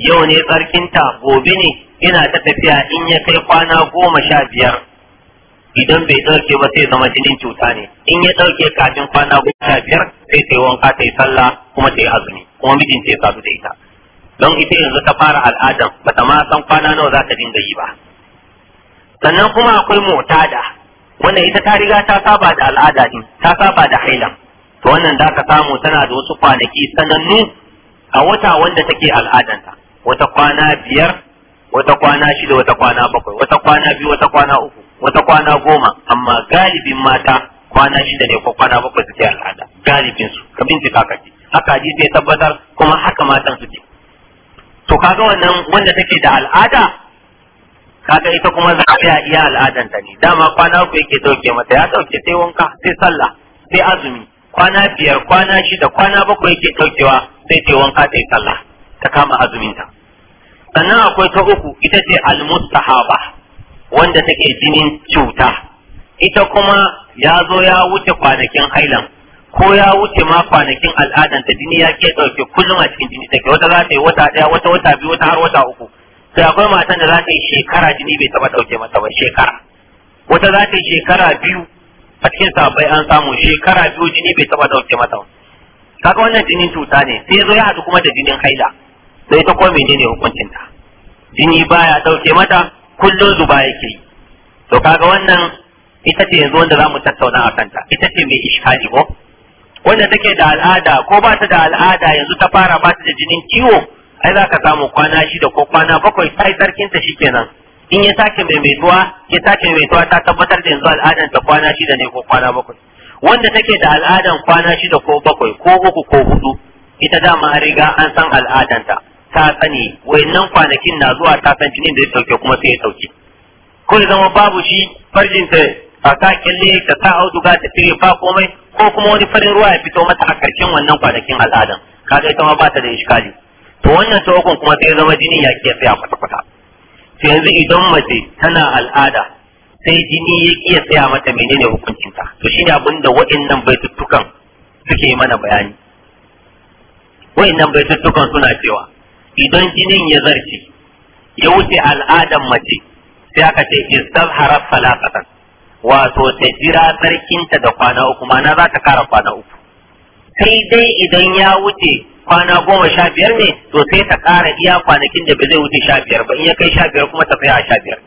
yau ne tsarkinta gobe ne yana ta tafiya in ya kai kwana goma sha biyar idan bai ɗauke ba sai zama jinin cuta ne in ya ɗauke kafin kwana goma sha biyar sai ta yi wanka ta yi sallah kuma ta yi azumi kuma mijin ta ya sadu da ita don ita yanzu ta fara al'adan ta ma san kwana nawa za ta dinga yi ba sannan kuma akwai da wanda ita ta riga ta saba da al'ada din ta saba da haila to wannan da ka samu tana da wasu kwanaki sanannu a wata wanda take al'adanta wata kwana biyar wata kwana shida wata kwana bakwai wata kwana biyu wata kwana uku wata kwana goma amma galibin mata kwana shida ne ko kwana bakwai suke al'ada galibin su ka bincika ka ji haka hadisi sai tabbatar kuma haka matan suke to kaga wannan wanda take da al'ada kaga ita kuma za a iya iya al'adan ta ne dama kwana uku yake dauke mata ya dauke sai wanka sai sallah sai azumi kwana biyar kwana shida kwana bakwai yake daukewa sai sai wanka sai sallah ta kama azuminta sannan akwai ta uku ita ce almustahaba wanda take jinin cuta ita kuma ya zo ya wuce kwanakin hailan ko ya wuce ma kwanakin al'adan ta jini ya ke dauke kullum a cikin jini take wata za ta yi wata daya wata wata biyu wata har wata uku sai akwai matan da za ta yi shekara jini bai taba dauke mata ba shekara wata za ta yi shekara biyu a cikin sabai an samu shekara biyu jini bai taba dauke mata ba kaga wannan jinin cuta ne sai zo ya haɗu kuma da jinin haila sai ta ko menene hukuncin ta jini baya dauke mata kullun zuba yake yi to kaga wannan ita ce yanzu wanda za tattauna a kanta ita ce mai ishkali ko wanda take da al'ada ko ba ta da al'ada yanzu ta fara ba ta da jinin ciwo ai za ka samu kwana shida ko kwana bakwai sai sarkin ta shikenan in ya sake maimaituwa ya sake ta tabbatar da yanzu al'adan ta kwana shida ne ko kwana bakwai wanda take da al'adan kwana shida ko bakwai ko uku ko hudu ita dama an riga an san al'adanta ta sani wayannan kwanakin na zuwa ta san jinin da ya sauke kuma sai ya sauke ko ya zama babu shi farjin a ta kyalle ta ta auduga ta fere fa komai ko kuma wani farin ruwa ya fito mata a karshen wannan kwanakin al'adan kaga ita ma ba ta da iskali to wannan ta ukun kuma sai zama jini ya ke tsaya kwata kwata to yanzu idan mace tana al'ada sai jini ya iya tsaya mata menene hukuncinta to shine abin da waɗannan baituttukan suke mana bayani waɗannan baituttukan suna cewa idan jinin ya zarce ya wuce al'adan mace sai aka ce istazhara salasatan wato ta jira sarkinta da kwana uku ma'ana za ta kara kwana uku sai dai idan ya wuce kwana goma sha biyar ne to sai ta kara iya kwanakin da ba zai wuce sha biyar ba in ya kai sha biyar kuma ta a sha biyar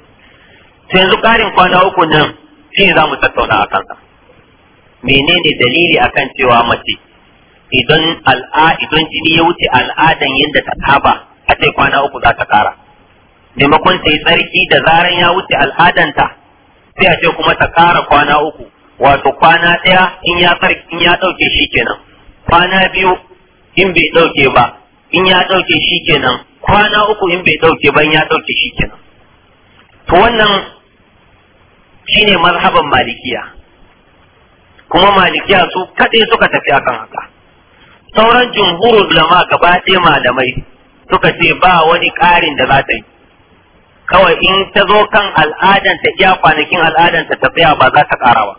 sai yanzu ƙarin kwana uku nan shi za mu tattauna a kansa menene dalili akan cewa mace idan al'a idan jini ya wuce al'adan yadda ta saba a ce kwana uku za ta ƙara maimakon ta yi tsarki da zaran ya wuce al'adanta sai a ce kuma ta kara kwana uku wato kwana ɗaya in ya ɗauke shi kenan kwana biyu in bai ɗauke ba in ya ɗauke shi kenan kwana uku in bai ɗauke ba in ya ɗauke shi kenan to wannan shine mazhaban malikiya kuma malikiya su kaɗai suka tafi akan haka sauran jumhurul ulama gaba ɗaya malamai suka ce ba wani ƙarin da za ta yi kawai in ta zo kan al'adanta iya kwanakin al'adanta ta tsaya ba za ta ƙara ba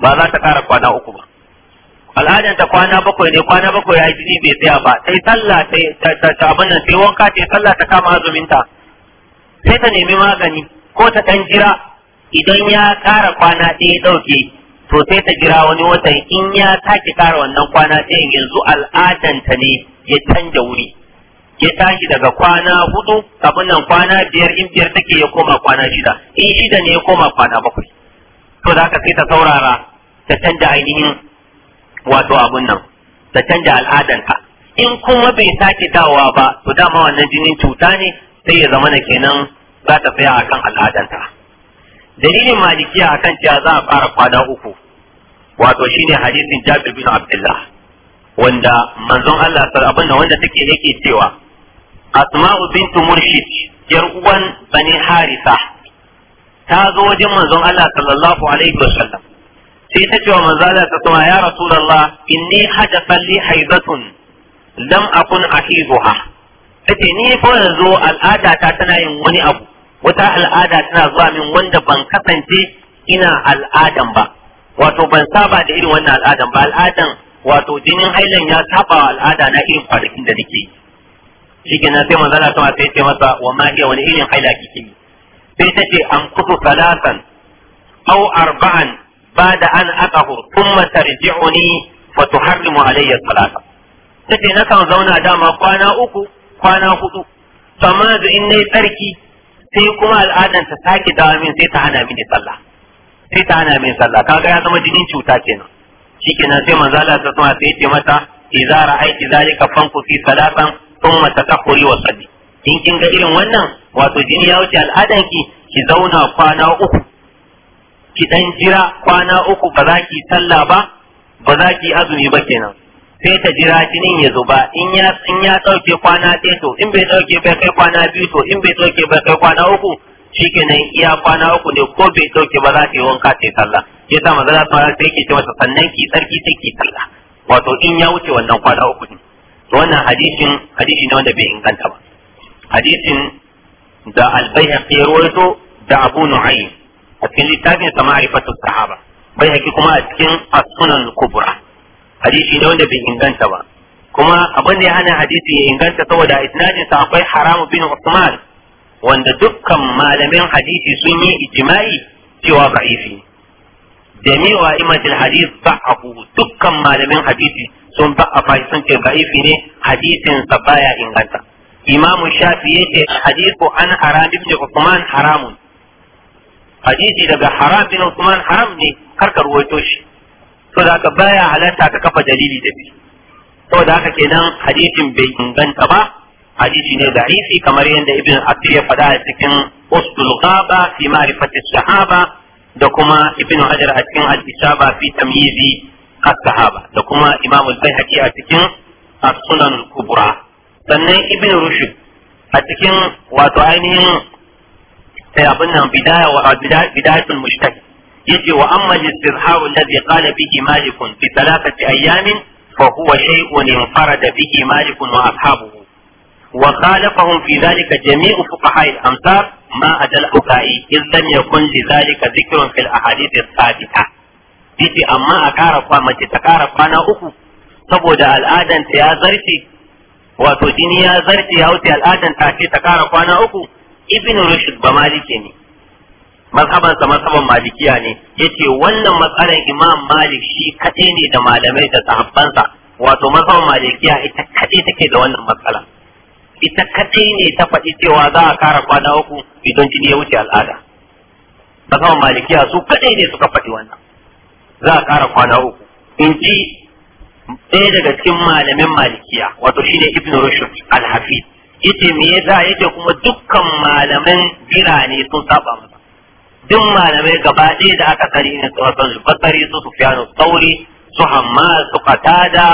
ba za ta ƙara kwana uku ba al'adan ta kwana bakwai ne kwana bakwai ya jini bai tsaya ba sai sallah sai ta abin nan sai wanka sai sallah ta kama azumin ta sai ta nemi magani ko ta kan jira idan ya ƙara kwana ɗaya ɗauke to sai ta jira wani watan in ya sake ƙara wannan kwana ɗaya yanzu al'adan ta ne ya canja wuri ya tashi daga kwana hudu abin nan kwana biyar in biyar take ya koma kwana shida in shida ne ya koma kwana bakwai to da haka sai ta saurara ta canja ainihin wato abun nan ta canja al'adanta in kuma bai sake dawowa ba to dama wannan jinin cuta ne sai ya zama kenan za ta tsaya akan al'adanta dalilin malikiya akan cewa za a fara kwana uku wato shine hadisin Jabir bin Abdullah wanda manzon Allah sallallahu alaihi wanda take yake cewa Asma'u bintu Murshid yar uwan Bani Harisa ta zo wajen manzon Allah sallallahu alaihi wasallam sai ta ce wa manzo ta kuma ya rasulullah inni hajafat li haidatun lam akun ahiduha tace ni ko yanzu al'ada ta tana yin wani abu wata al'ada tana zuwa min wanda ban kasance ina al'adan ba wato ban saba da irin wannan al'adan ba al'adan wato jinin hailan ya saba wa al'ada na irin kwanakin da nake shi kenan sai manzo Allah ta ce masa wa ma iya wani irin haila kike sai tace an kutu salasan aw arba'an بعد أن أقهر ثم ترجعني فتحرم علي الصلاة tace na kan zauna dama kwana uku kwana hudu amma yanzu in nayi tsarki sai kuma al'adan ta sake dawo min sai ta hana min sallah sai ta hana min sallah kaga ya zama jinin cuta kenan shikenan sai manzo Allah ta tsama sai ce mata idza ra'aiti zalika fanku fi salatan thumma tatahuri wa salli in kin ga irin wannan wato jini ya wuce al'adan ki ki zauna kwana uku ki dan jira kwana uku ba za ki sallah ba ba za ki azumi ba kenan sai ta jira jinin ya zuba in ya in ya dauke kwana ɗaya to in bai dauke bai kai kwana biyu to in bai dauke bai kai kwana uku shikenan iya kwana uku ne ko bai dauke ba za ta yi wanka ta sallah ya sa manzo Allah ta sai yake ce masa sannan ki tsarki sai ki sallah wato in ya wuce wannan kwana uku ne to wannan hadisin hadisi ne wanda bai inganta ba hadisin da al ya rawaito da Abu Nu'aym a cikin littafin sa ma'rifatu sahaba bai haƙi kuma a cikin asunan kubura. hadisi ne wanda bai inganta ba kuma abin da ya hana hadisi ya inganta saboda isnadin sa akwai haramu bin usman wanda dukkan malamin hadisi sun yi ijma'i cewa ba'ifi jami'a imatul hadith ba'ahu dukkan malamin hadisi sun ba'afa sun ce ba'ifi ne hadisin sa baya inganta imamu shafi yace hadithu an haram ibn usman haramun hadisi daga haram bin Usman haram ne kar ka ruwaito shi to da haka baya halatta ka kafa dalili da shi aka haka kenan hadisin bai inganta ba hadisi ne da'ifi kamar yadda ibn Abi ya faɗa a cikin Usdul Ghaba fi ma'rifati sahaba da kuma ibn Hajar a cikin al-Isaba fi tamyizi as-sahaba da kuma Imam al-Baihaqi a cikin as-Sunan al-Kubra sannan ibn Rushd a cikin wato ainihin سيظن بداية بداية المشتك يجي وأما الاستظهار الذي قال به مالك في ثلاثة أيام فهو شيء انفرد به مالك وأصحابه وخالفهم في ذلك جميع فقهاء الأمصار ما أدى الأبائي إذ لم يكن لذلك ذكر في الأحاديث الثابتة يجي أما أكارف وما تتكارف أنا أخو saboda الآدم ya zarce wato jini ya zarce ya wuce al'adanta ce ta ibn rushd ba Maliki ne mazhabansa mazhaban malikiya ne yace wannan matsalar imam malik shi kaɗai ne da malamai da sahabbansa wato mazhaban malikiya ita kaɗai take da wannan matsala ita kaɗai ne ta faɗi cewa za a kara kwana uku idan jini ya wuce al'ada mazhaban malikiya su kaɗai ne suka faɗi wannan za a kara kwana uku in ji ɗaya daga cikin malamin malikiya wato shine ibn rushd al-hafiz yace me yasa yace kuma dukkan malaman birane sun saba masa duk malamai gaba ɗaya da aka sani ne su Hassan Bakari su Sufyanu sauri su Hamma su Qatada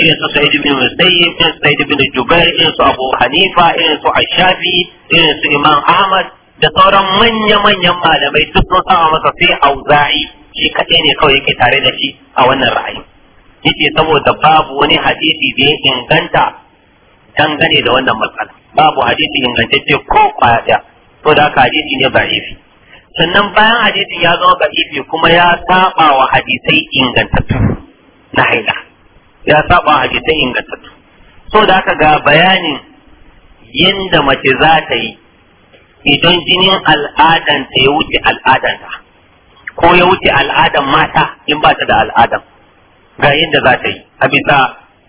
irin su Sa'id ibn Musayyib irin su Sa'id ibn Jubair irin su Abu Hanifa irin su Ashafi irin su Imam Ahmad da sauran manya-manyan malamai duk sun saba masa sai Auza'i shi kaɗai ne kawai yake tare da shi a wannan ra'ayi yace saboda babu wani hadisi da ya inganta dangane da wannan matsala babu hadisi ingantacce ko kwaya ɗaya to da haka hadisi ne ba'ifi sannan bayan hadisin ya zama ba'ifi kuma ya saba wa hadisai ingantattu na haila ya saba wa hadisai ingantattu so da haka ga bayanin yadda mace za ta yi idan jinin al'adanta ya wuce al'adanta ko ya wuce al'adan mata in ba ta da al'adan ga yadda za ta yi a bisa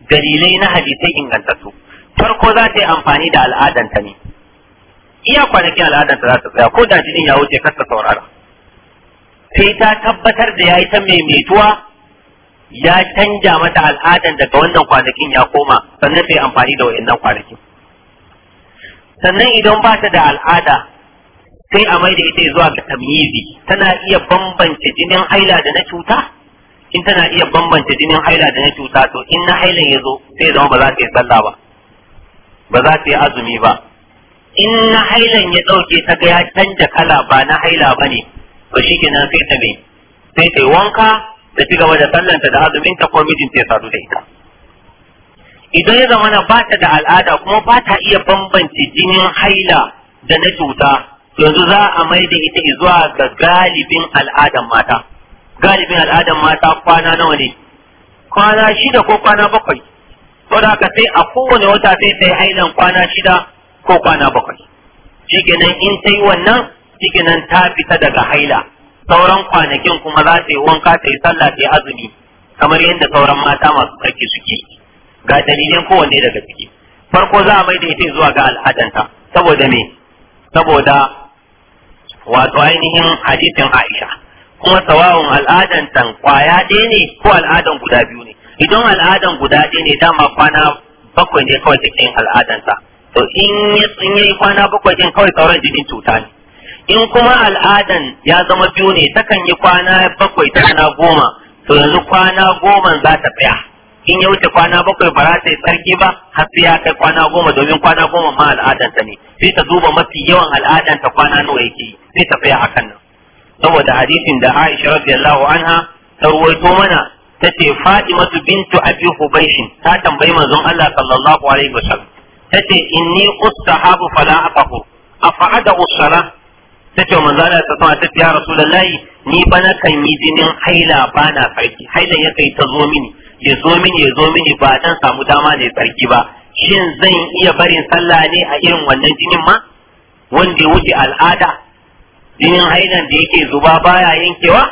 dalilai na hadisai ingantattu farko za ta yi amfani da al'adanta ne iya kwanakin al'adanta za ta tsaya ko da jinin ya wuce kar saurara sai ta tabbatar da ya yi ta maimaituwa ya canja mata al'adan daga wannan kwanakin ya koma sannan sai amfani da wa'annan kwanakin sannan idan ba ta da al'ada sai a mai da ita zuwa ga tamyizi tana iya bambance jinin haila da na cuta in tana iya bambance jinin haila da na cuta to in na hailan ya zo sai zama ba za ta yi sallah ba ba za ta yi azumi ba in na hailan ya ɗauke ta ga ya canja kala ba na haila ba ne ba shi kenan sai ta mai sai ta yi wanka ta ci gaba da sallanta da azumin ta ko mijinta ya sadu da ita idan ya zama na ba ta da al'ada kuma ba ta iya bambance jinin haila da na cuta yanzu za a mai da ita zuwa ga galibin al'adan mata galibin al'adan mata kwana nawa ne kwana shida ko kwana bakwai ko da ka sai a kowane wata sai ta yi hailan kwana shida ko kwana bakwai shikenan in ta yi wannan shikenan ta fita daga haila sauran kwanakin kuma za ta yi wanka ta yi sallah ta yi azumi kamar yadda sauran mata masu tsarki suke ga dalilin kowanne daga ciki farko za a mai da ita zuwa ga al'adanta saboda me saboda wato ainihin hadisin Aisha kuma sawawun al'adan kwaya ɗaya ne ko al'adan guda biyu ne idan al'adan guda ɗaya ne dama kwana bakwai ne kawai cikin al'adansa to in ya yi kwana bakwai ɗin kawai sauran jikin cuta ne in kuma al'adan ya zama biyu ne takan yi kwana bakwai ta kwana goma to yanzu kwana goma za ta tsaya in ya wuce kwana bakwai ba za ta yi tsarki ba har sai ya kai kwana goma domin kwana goma ma al'adanta ne sai ta duba mafi yawan al'adanta kwana nawa yake sai ta tsaya hakan nan saboda hadisin da Aisha radiyallahu anha ta ruwaito mana tace Fatimatu bintu Abi Hubaysh ta tambayi manzon Allah sallallahu alaihi wasallam tace inni ustahabu fala afahu afa ada usala tace manzon Allah ta tsaya tace ya Rasulullahi ni fa na kan yi jinin haila bana farki haila ya kai ta zo mini ya zo mini ya zo mini ba dan samu dama ne tsarki ba shin zan iya barin sallah ne a irin wannan jinin ma wanda ya wuce al'ada jinin hailan da yake zuba baya yankewa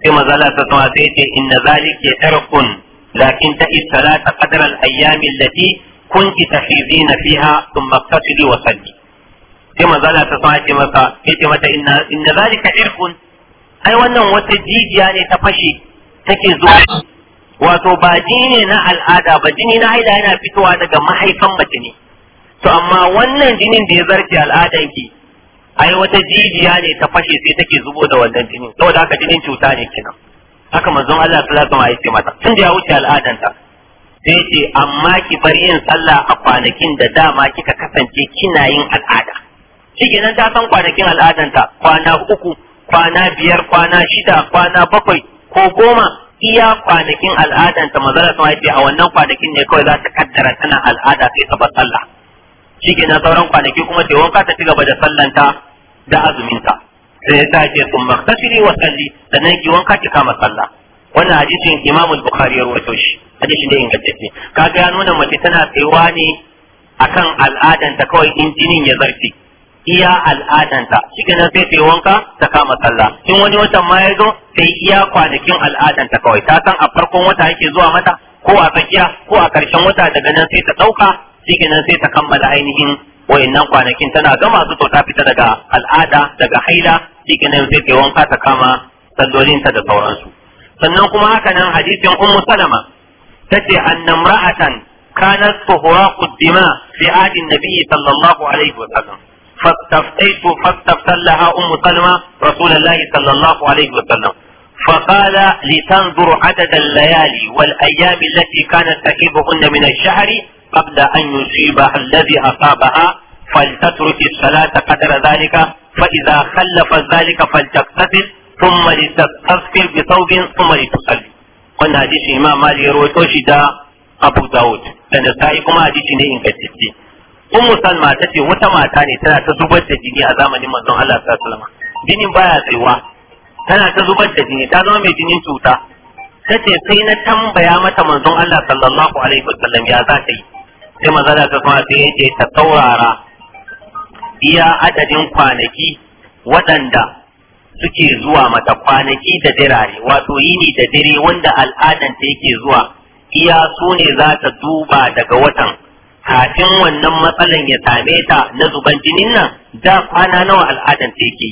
sai mazala ta sama sai ce inna zalika tarkun lakin ta salata qadra al-ayyam allati kunti tafizina fiha thumma qtasili wa salli sai mazala Allah ta sama ce masa ce mata inna inna zalika irkun ai wannan wata jijiya ne ta fashe take zuwa wato ba jini ne na al'ada ba jini na haila yana fitowa daga mahaifan mace ne to amma wannan jinin da ya zarce al'adanki ai wata jijiya ne ta fashe sai take zubo da wannan jinin saboda haka jinin cuta ne kenan haka manzon Allah sallallahu alaihi wasallam mata tun da ya wuce al'adanta sai ce amma ki bar yin sallah a kwanakin da dama kika kasance kina yin al'ada shikenan ta san kwanakin al'adanta kwana uku kwana biyar kwana shida kwana bakwai ko goma iya kwanakin al'adanta manzon Allah ya a wannan kwanakin ne kawai za ta kaddara tana al'ada sai ta bar sallah shikenan sauran kwanaki kuma sai wanka ta ci gaba da sallanta da azuminka sai ya sake sun maktasiri wa salli sannan ki wanka ki kama sallah wannan hadisin imamu bukhari ya rawaito shi hadisin da ingantacce kaga ya nuna mace tana tsayuwa ne akan al'adanta kawai in jinin ya zarfi iya al'adanta shi kenan sai ta wanka ta kama sallah in wani watan ma ya zo sai iya kwanakin al'adanta kawai ta san a farkon wata yake zuwa mata ko a tsakiya ko a ƙarshen wata daga nan sai ta ɗauka shi kenan sai ta kammala ainihin wayannan kwanakin tana gama su ta fita daga al'ada daga haila shike nan sai wanka ta kama sallolinta da sauransu sannan kuma haka nan hadisin ummu salama ce annam ra'atan kanat tuhraqu dima fi ahdi nabi sallallahu alaihi wa sallam فاستفتيت فاستفتى لها ام سلمه رسول الله صلى الله عليه وسلم فقال لتنظر عدد الليالي والايام التي كانت تحبهن من الشهر قبل أن يصيبها الذي أصابها فلتترك الصلاة قدر ذلك فإذا خلف ذلك فلتغتسل ثم لتغتسل بثوب ثم لتصلي قلنا حديث إمام مالي رويتوش دا أبو داود لنسائي كما حديث نين كتبتي أم سلمى تتي وتما تاني تنا تزبط جيني أزامن من الله صلى الله عليه وسلم جيني بايا سوا tana ta zubar da jini ta zama mai jinin cuta ta ce sai na tambaya mata manzon Allah sallallahu alaihi wasallam ya za ta yi sai maza da kuma sai yace ta saurara iya adadin kwanaki waɗanda suke zuwa mata kwanaki da dirare wato yini da dare wanda al'adan ta yake zuwa iya su ne za ta duba daga watan kafin wannan matsalan ya same ta na zuban jinin nan da kwana nawa al'adan ta yake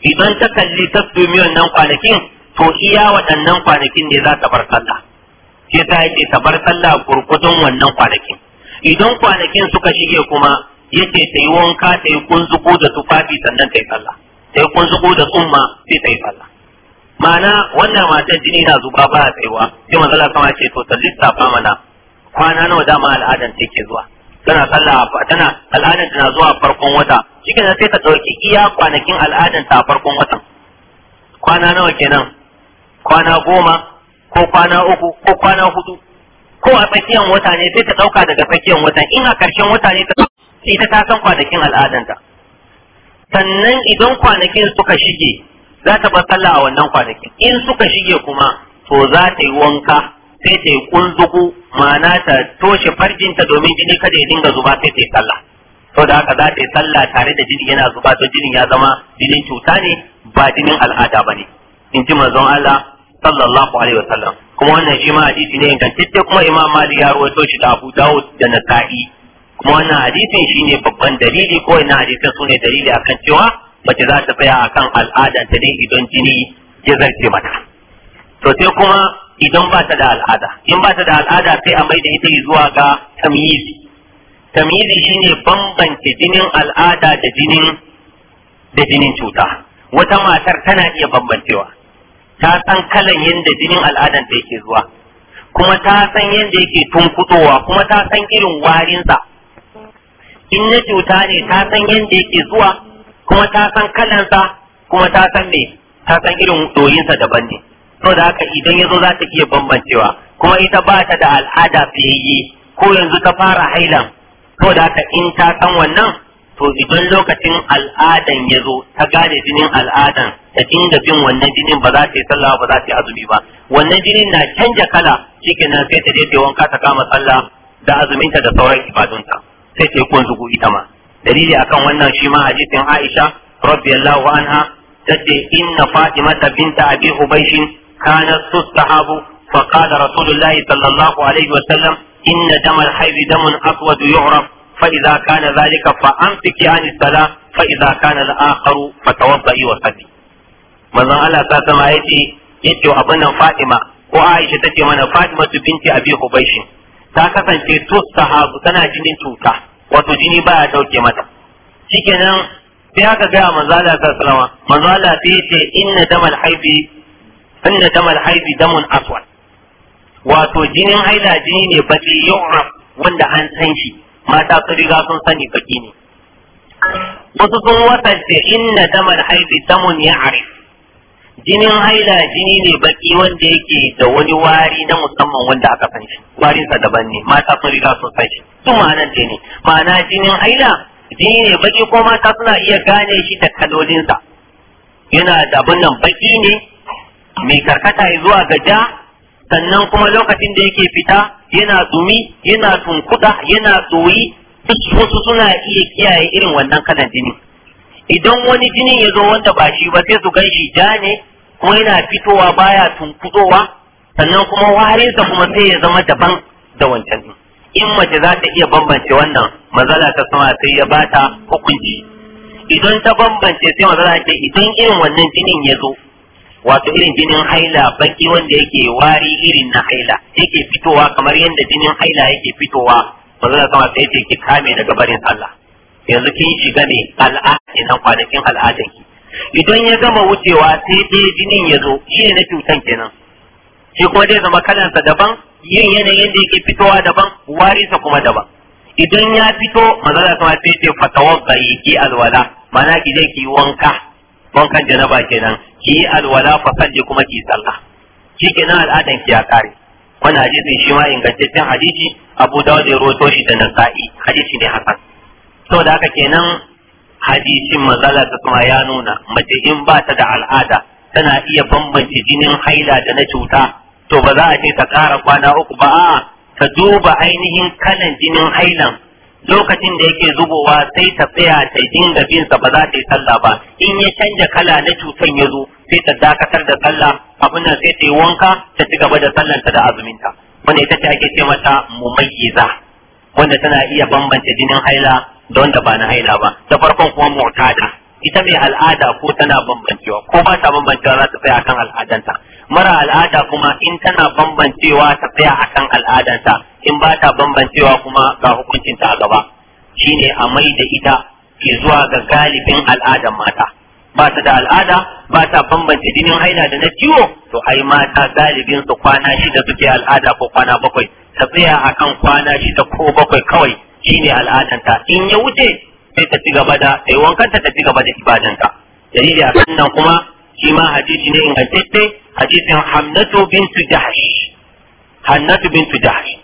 yi idan ta kalli ta dumi wannan kwanakin to iya waɗannan kwanakin ne za ta bar sallah sai ta yake ta bar sallah gurgudun wannan kwanakin idan kwanakin suka shige kuma yace ta yi wanka ta yi zuko da tufafi sannan ta yi sallah ta yi zuko da tsumma sai ta yi sallah ma'ana wannan matan jini na zuba ba a tsayuwa sai manzala kama ce to ta lissafa mana kwana nawa dama al'adan take zuwa tana sallah tana al'adan tana zuwa farkon wata shike nan sai ta dauki iya kwanakin al'adan ta farkon wata. kwana nawa kenan kwana goma ko kwana uku ko kwana hudu ko a tsakiyar wata ne sai ta ɗauka daga tsakiyar wata in a ƙarshen wata ne ta ita ta san kwanakin al'adanta sannan idan kwanakin suka shige za ta bar sallah a wannan kwanakin in suka shige kuma to za ta yi wanka sai ta yi kunzugu ma'ana ta toshe farjinta domin jini kada ya dinga zuba sai ta yi sallah to da haka za ta yi sallah tare da jini yana zuba to jinin ya zama jinin cuta ne ba jinin al'ada ba ne in ji manzon Allah sallallahu alaihi wasallam kuma wannan shi ma hadisi ne ingantacce kuma imam mali ya rawaito shi da abu dawud da nasa'i kuma wannan hadisin ne babban dalili ko ina hadisin sune dalili akan cewa mace za ta tsaya akan al'ada ta ne idan jini ya zarce mata to sai kuma idan ba ta da al'ada in ba ta da al'ada sai a mai da ita zuwa ga tamyizi tamyizi shine bambance jinin al'ada da jinin da jinin cuta wata matar tana iya bambancewa ta san kalan yadda jinin al'adan da yake zuwa kuma ta san yadda yake tunkutowa kuma ta san irin warinsa in na cuta ne ta san yadda yake zuwa kuma ta san kalansa kuma ta san me ta san irin doyinsa daban ne to da haka idan ya za ta iya bambancewa kuma ita ba ta da al'ada fiye ko yanzu ta fara hailan to da haka in ta san wannan to idan lokacin al'adan ya zo ta gane jinin al'adan ta dinga bin wannan jinin ba za ta yi sallah ba za ta yi azumi ba wannan jinin na canja kala shikenan sai ta je ta wanka ta kama sallah da azuminta da sauran ibadunta sai ta yi kunzugu ita ma dalili akan wannan shi ma hadisin Aisha radiyallahu anha tace inna ta binta Abi Hubaysh kanat tustahabu فقال da الله sallallahu alaihi wa sallam إن دم الحيض دم أسود يعرف فإذا كان ذلك فأمسك عن الصلاة فإذا كان الآخر فتوضئي وصلي manzon Allah ta sama ya ce ya ce abin nan Fatima ko Aisha ta ce mana Fatima tu binti Abi Hubaishin ta kasance tustahabu tana jinin cuta wato jini baya dauke mata shikenan sai aka ga manzo Allah ta sallama manzo Allah sai inna damal haibi damun wato jinin haila jini ne baki yu'raf wanda an san shi mata su riga sun sani baki ne wasu sun watance inna damar haifi damun ya are jinin haila jini ne baki wanda yake da wani wari na musamman wanda aka san shi warinsa daban ne mata sun riga sun san shi su ma'anar ne ma'ana jinin haila jini ne baki ko mata suna iya gane shi da kalolinsa yana da abin nan baki ne mai karkata zuwa ga ja sannan kuma lokacin da yake fita yana dumi yana tunkuda yana tsoyi wasu suna iya kiyaye irin wannan kalan jini idan wani jinin ya zo wanda ba shi ba sai su gan shi ja ne kuma yana fitowa baya tunkudowa sannan kuma warinsa kuma sai ya zama daban da wancan in mace za ta iya bambance wannan mazala ta sama sai ya bata hukunci idan ta bambance sai mazala ce idan irin wannan jinin ya zo wato irin jinin haila baki wanda yake wari irin na haila yake fitowa kamar yadda jinin haila yake fitowa zai kama sai yake ki kame daga barin Allah, yanzu kin shiga ne al'adin nan kwanakin al'adar ki idan ya gama wucewa sai dai jinin ya zo shi ne na cutan kenan shi kuma zai zama kalansa daban yin yanayin da yake fitowa daban wari sa kuma daban idan ya fito manzon sama sai ce fatawar ki alwala mana ki je ki wanka wankan janaba kenan ki yi alwala fa salli kuma ki sallah shi kenan al'adan ki ya kare wannan hadisi shi ma ingantaccen hadisi Abu Dawud ya rawaito shi da Nasa'i hadisi ne hasan saboda haka kenan hadisin mazala ta kuma ya nuna mace in ba ta da al'ada tana iya bambance jinin haila da na cuta to ba za a ce ta ƙara kwana uku ba a ta duba ainihin kalan jinin hailan lokacin da yake zubowa sai ta tsaya ta dinga bin sa ba za ta yi sallah ba in ya canja kala na cutan ya zo sai ta dakatar da sallah abin nan sai ta yi wanka ta ci gaba da sallar ta da azuminta wanda ita ce ake ce mata mumayyiza wanda tana iya bambance jinin haila da wanda ba na haila ba da farkon kuma mu'tada ita mai al'ada ko tana bambancewa ko ba ta bambancewa za ta tsaya akan al'adanta mara al'ada kuma in tana bambancewa ta tsaya akan al'adanta in ba ta bambancewa kuma ga hukuncinta a gaba shine a mai da ita ke zuwa ga galibin al'adar mata ba ta da al'ada ba ta bambance jinin haila da na ciwo to ai mata galibin su kwana shida suke al'ada ko kwana bakwai ta tsaya akan kwana shida ko bakwai kawai shine al'adanta in ya wuce sai ta ci gaba da sai wankan ta ci gaba da ibadanta dalili a kan nan kuma shi ma hadisi ne ingantacce hadisin hamnatu bintu jahsh hannatu bintu jahsh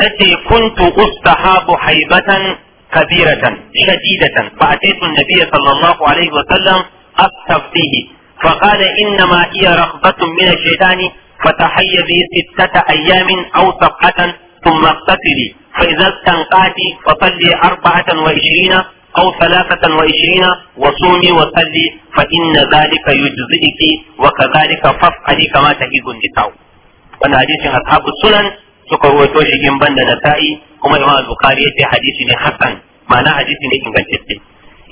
تتي كنت أستحاب حيبة كبيرة شديدة فأتيت النبي صلى الله عليه وسلم أستفتيه فقال إنما هي رغبة من الشيطان فتحيبي ستة أيام أو سبعة ثم اغتسلي فإذا استنقعت فصلي أربعة وعشرين أو ثلاثة وعشرين وصومي وصلي فإن ذلك يجزئك وكذلك فافعلي كما تهيب النساء. وأنا حديث أصحاب السنن suka ruwaito shi in banda da sa'i kuma imam al-bukhari yace hadisi ne hasan ma'ana hadisi ne ingantacce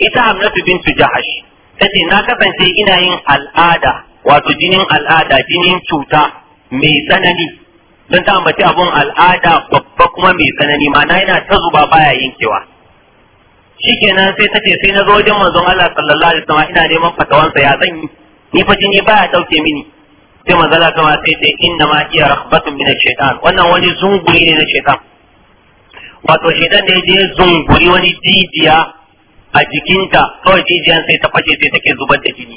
ita hamnatu bintu jahash tace na kasance ina yin al'ada wato jinin al'ada jinin cuta mai tsanani don ta ambaci abun al'ada babba kuma mai tsanani ma'ana yana ta zuba baya yankewa shikenan sai tace sai na zo wajen manzon Allah sallallahu alaihi wasallam ina neman fatawansa ya zan yi ni fa jini baya dauke mini sai manzala kama sai sai inna ma iya rahbatun min shaitan wannan wani zunguri ne na shaitan wato shaitan ne je zunguri wani jijiya a jikinta kawai jijiyan sai ta fashe sai take zubar da jini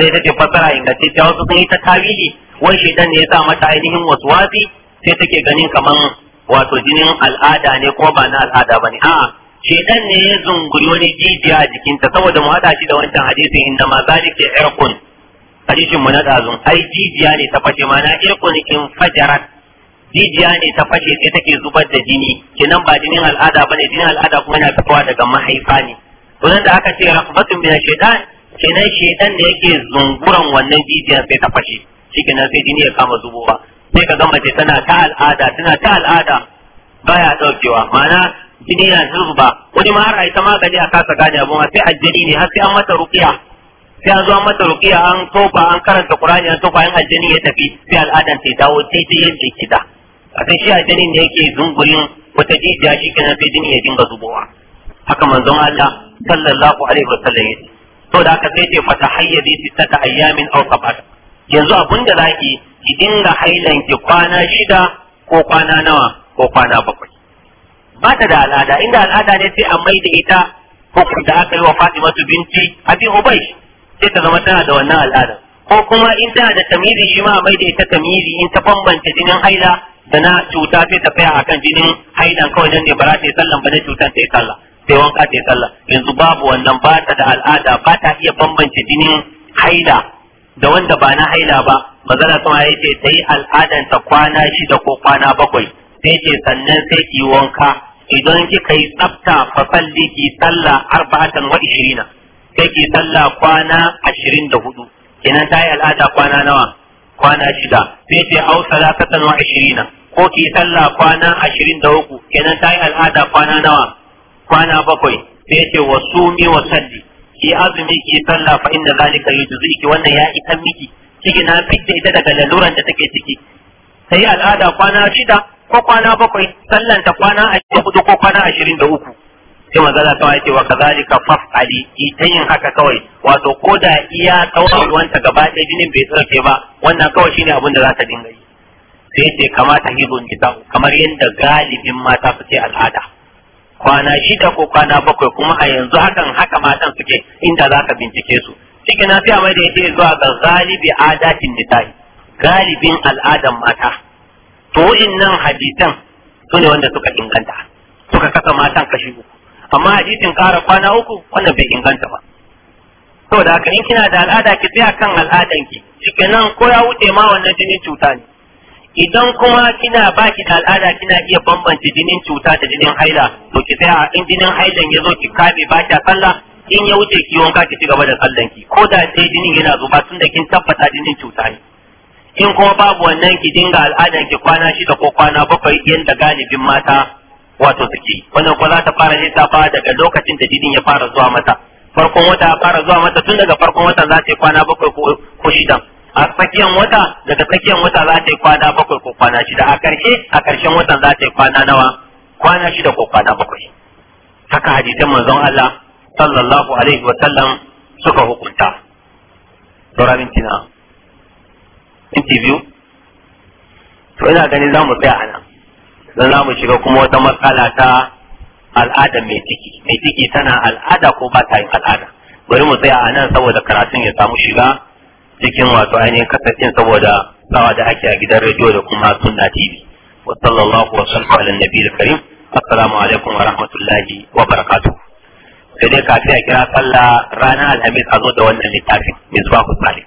sai ta ce fasara ingantacciya wasu sun yi ta tarihi wani shaitan ne ya sa mata ainihin wasu wasi sai take ganin kaman wato jinin al'ada ne ko ba na al'ada ba ne a'a shedan ne ya zunguri wani jijiya a jikinta saboda mu hada shi da wancan hadisin inda ma zalika irqun hadisin mu na dazun ai jijiya ne ta fashe mana irqun in fajarat jijiya ne ta fashe sai take zubar da jini kenan ba jinin al'ada ne jinin al'ada kuma yana fitowa daga mahaifa ne to nan da aka ce rahmatun min shaytan kenan shaytan ne yake zunguran wannan jijiya sai ta fashe shikenan sai jini ya kama zubowa sai ka ga mace tana ta al'ada tana ta al'ada baya daukewa ma'ana jini na zuba wani ma har a ita magani a kasa gane abu sai ajjani ne har sai an mata rukiya sai an zo an mata an tofa an karanta qur'ani an tofa an aljani ya tafi sai al'adan sai dawo daidai yadda yake da akan shi aljanin ne yake zungurin wata jijiya shi kenan sai jini ya dinga zubowa haka manzon Allah sallallahu alaihi wa sallam to da aka sai ce fata hayyabi sittata ayamin aw sab'at yanzu abun da zaki ki dinga hailan ki kwana shida ko kwana nawa ko kwana bakwai ba ta da al'ada inda al'ada ne sai a mai da ita da aka yi wa Fatima binti Abi Ubay sai ka zama tana da wannan al'adar ko kuma in tana da tamizi shi ma a mai da ita tamizi in ta bambanta jinin haila da na cuta sai ta tsaya akan jinin hailan kawai nan ne ba za ta yi sallan ba na cutar ta yi sallah sai wanka ta yi sallah yanzu babu wannan ba ta da al'ada ba ta iya bambanta jinin haila da wanda ba na haila ba mazala kuma ya ce ta yi ta kwana shida ko kwana bakwai sai ce sannan sai ki wanka idan kika yi tsafta fa salli ki sallah arba'atan wa ishirina take sallah kwana ashirin da hudu kenan ta yi al'ada kwana nawa kwana shida sai ce au salatatan wa ashirina ko ki sallah kwana ashirin da uku kenan ta yi al'ada kwana nawa kwana bakwai sai ce wa sumi wa salli ki azumi ki sallah fa inna zalika yujziki wannan ya isan miki ciki na fitta ita daga laluran da take ciki sai al'ada kwana shida ko kwana bakwai sallanta kwana ashirin da hudu ko kwana ashirin da uku sai manzala kawai ce wa kazalika Ali, ita yin haka kawai wato ko da iya tawarwanta gaba ɗaya jinin bai tsarke ba wannan kawai shine abin da za ta dinga yi sai ce kamata hizun kita kamar yadda galibin mata suke al'ada kwana shida ko kwana bakwai kuma a yanzu hakan haka matan suke inda za ka bincike su cikin na fiya mai da yake zuwa ga galibi adatin nisa'i galibin al'adan mata to nan hadisan su ne wanda suka inganta suka kasa matan kashi uku amma hadisin ƙara kwana uku wannan bai inganta ba da haka in kina da al'ada ki tsaya kan al'adanki nan ko ya wuce ma wannan jinin cuta ne idan kuma kina baki da al'ada kina iya bambance jinin cuta da jinin haila to ki tsaya in jinin hailan ya zo ki kabe ba tsalla sallah in ya wuce ki wanka ki ci gaba da sallan ki ko da sai jinin yana zuba tun da kin tabbata jinin cuta ne in kuma babu wannan ki dinga al'adan ki kwana shida ko kwana bakwai yanda galibin mata wato suke wannan ko za ta fara lissafa daga lokacin da didin ya fara zuwa mata farkon wata ya fara zuwa mata tun daga farkon wata za ta yi kwana bakwai ko shidan a tsakiyan wata daga tsakiyan wata za ta yi kwana bakwai ko kwana shida a karshe a karshen watan za ta yi kwana nawa kwana shida ko kwana bakwai haka hadisan manzon Allah sallallahu alaihi wa sallam suka hukunta Dora minti na biyu to ina ganin za mu tsaya a nan don za mu shiga kuma wata matsala ta al'ada mai ciki mai ciki tana al'ada ko ba ta yin al'ada bari mu tsaya a nan saboda karatun ya samu shiga cikin wato ainihin kasashen saboda sawa da ake a gidan rediyo da kuma sunna tv wa sallallahu wa sallam ala nabi karim assalamu alaikum wa rahmatullahi wa barakatuh sai dai kafin a kira sallah ranar alhamis a zo da wannan littafin misbahu salih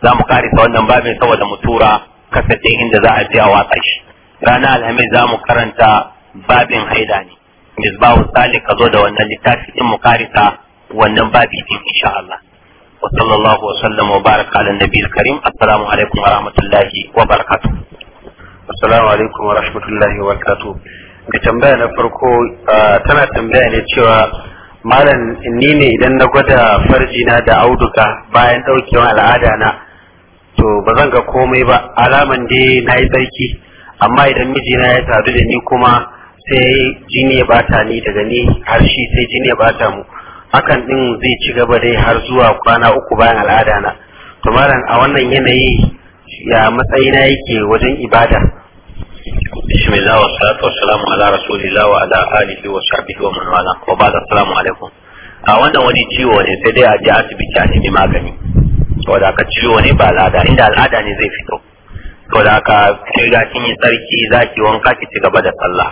za mu karisa wannan babin saboda mu tura kasashen inda za a je a watsa shi Rana alhamis za mu karanta babin haida ne misbahu salik ka zo da wannan littafi din mu karita wannan babi din insha Allah wa sallallahu wa sallam wa baraka ala nabiyil karim assalamu alaikum wa rahmatullahi wa barakatuh assalamu alaikum wa rahmatullahi wa barakatuh ga tambaya na farko tana tambaya ne cewa malam ni ne idan na gwada farjina da auduga bayan daukewa al'ada na to ba zan ga komai ba alaman dai na yi barki. amma idan mijina ya sadu da ni kuma sai jini ya bata ni daga ni har shi sai jini ya bata mu hakan din zai ci gaba dai har zuwa kwana uku bayan al'ada na to a wannan yanayi ya matsayina yake wajen ibada bismillah wassalatu wassalamu ala rasulillah wa ala alihi wa sahbihi wa man wala wa ba'd assalamu alaikum a wannan wani ciwo ne sai dai a je asibiti a nemi magani wanda aka ciwo ne ba al'ada inda al'ada ne zai fito to da ka riga kin yi tsarki za ki wanka ki ci gaba da sallah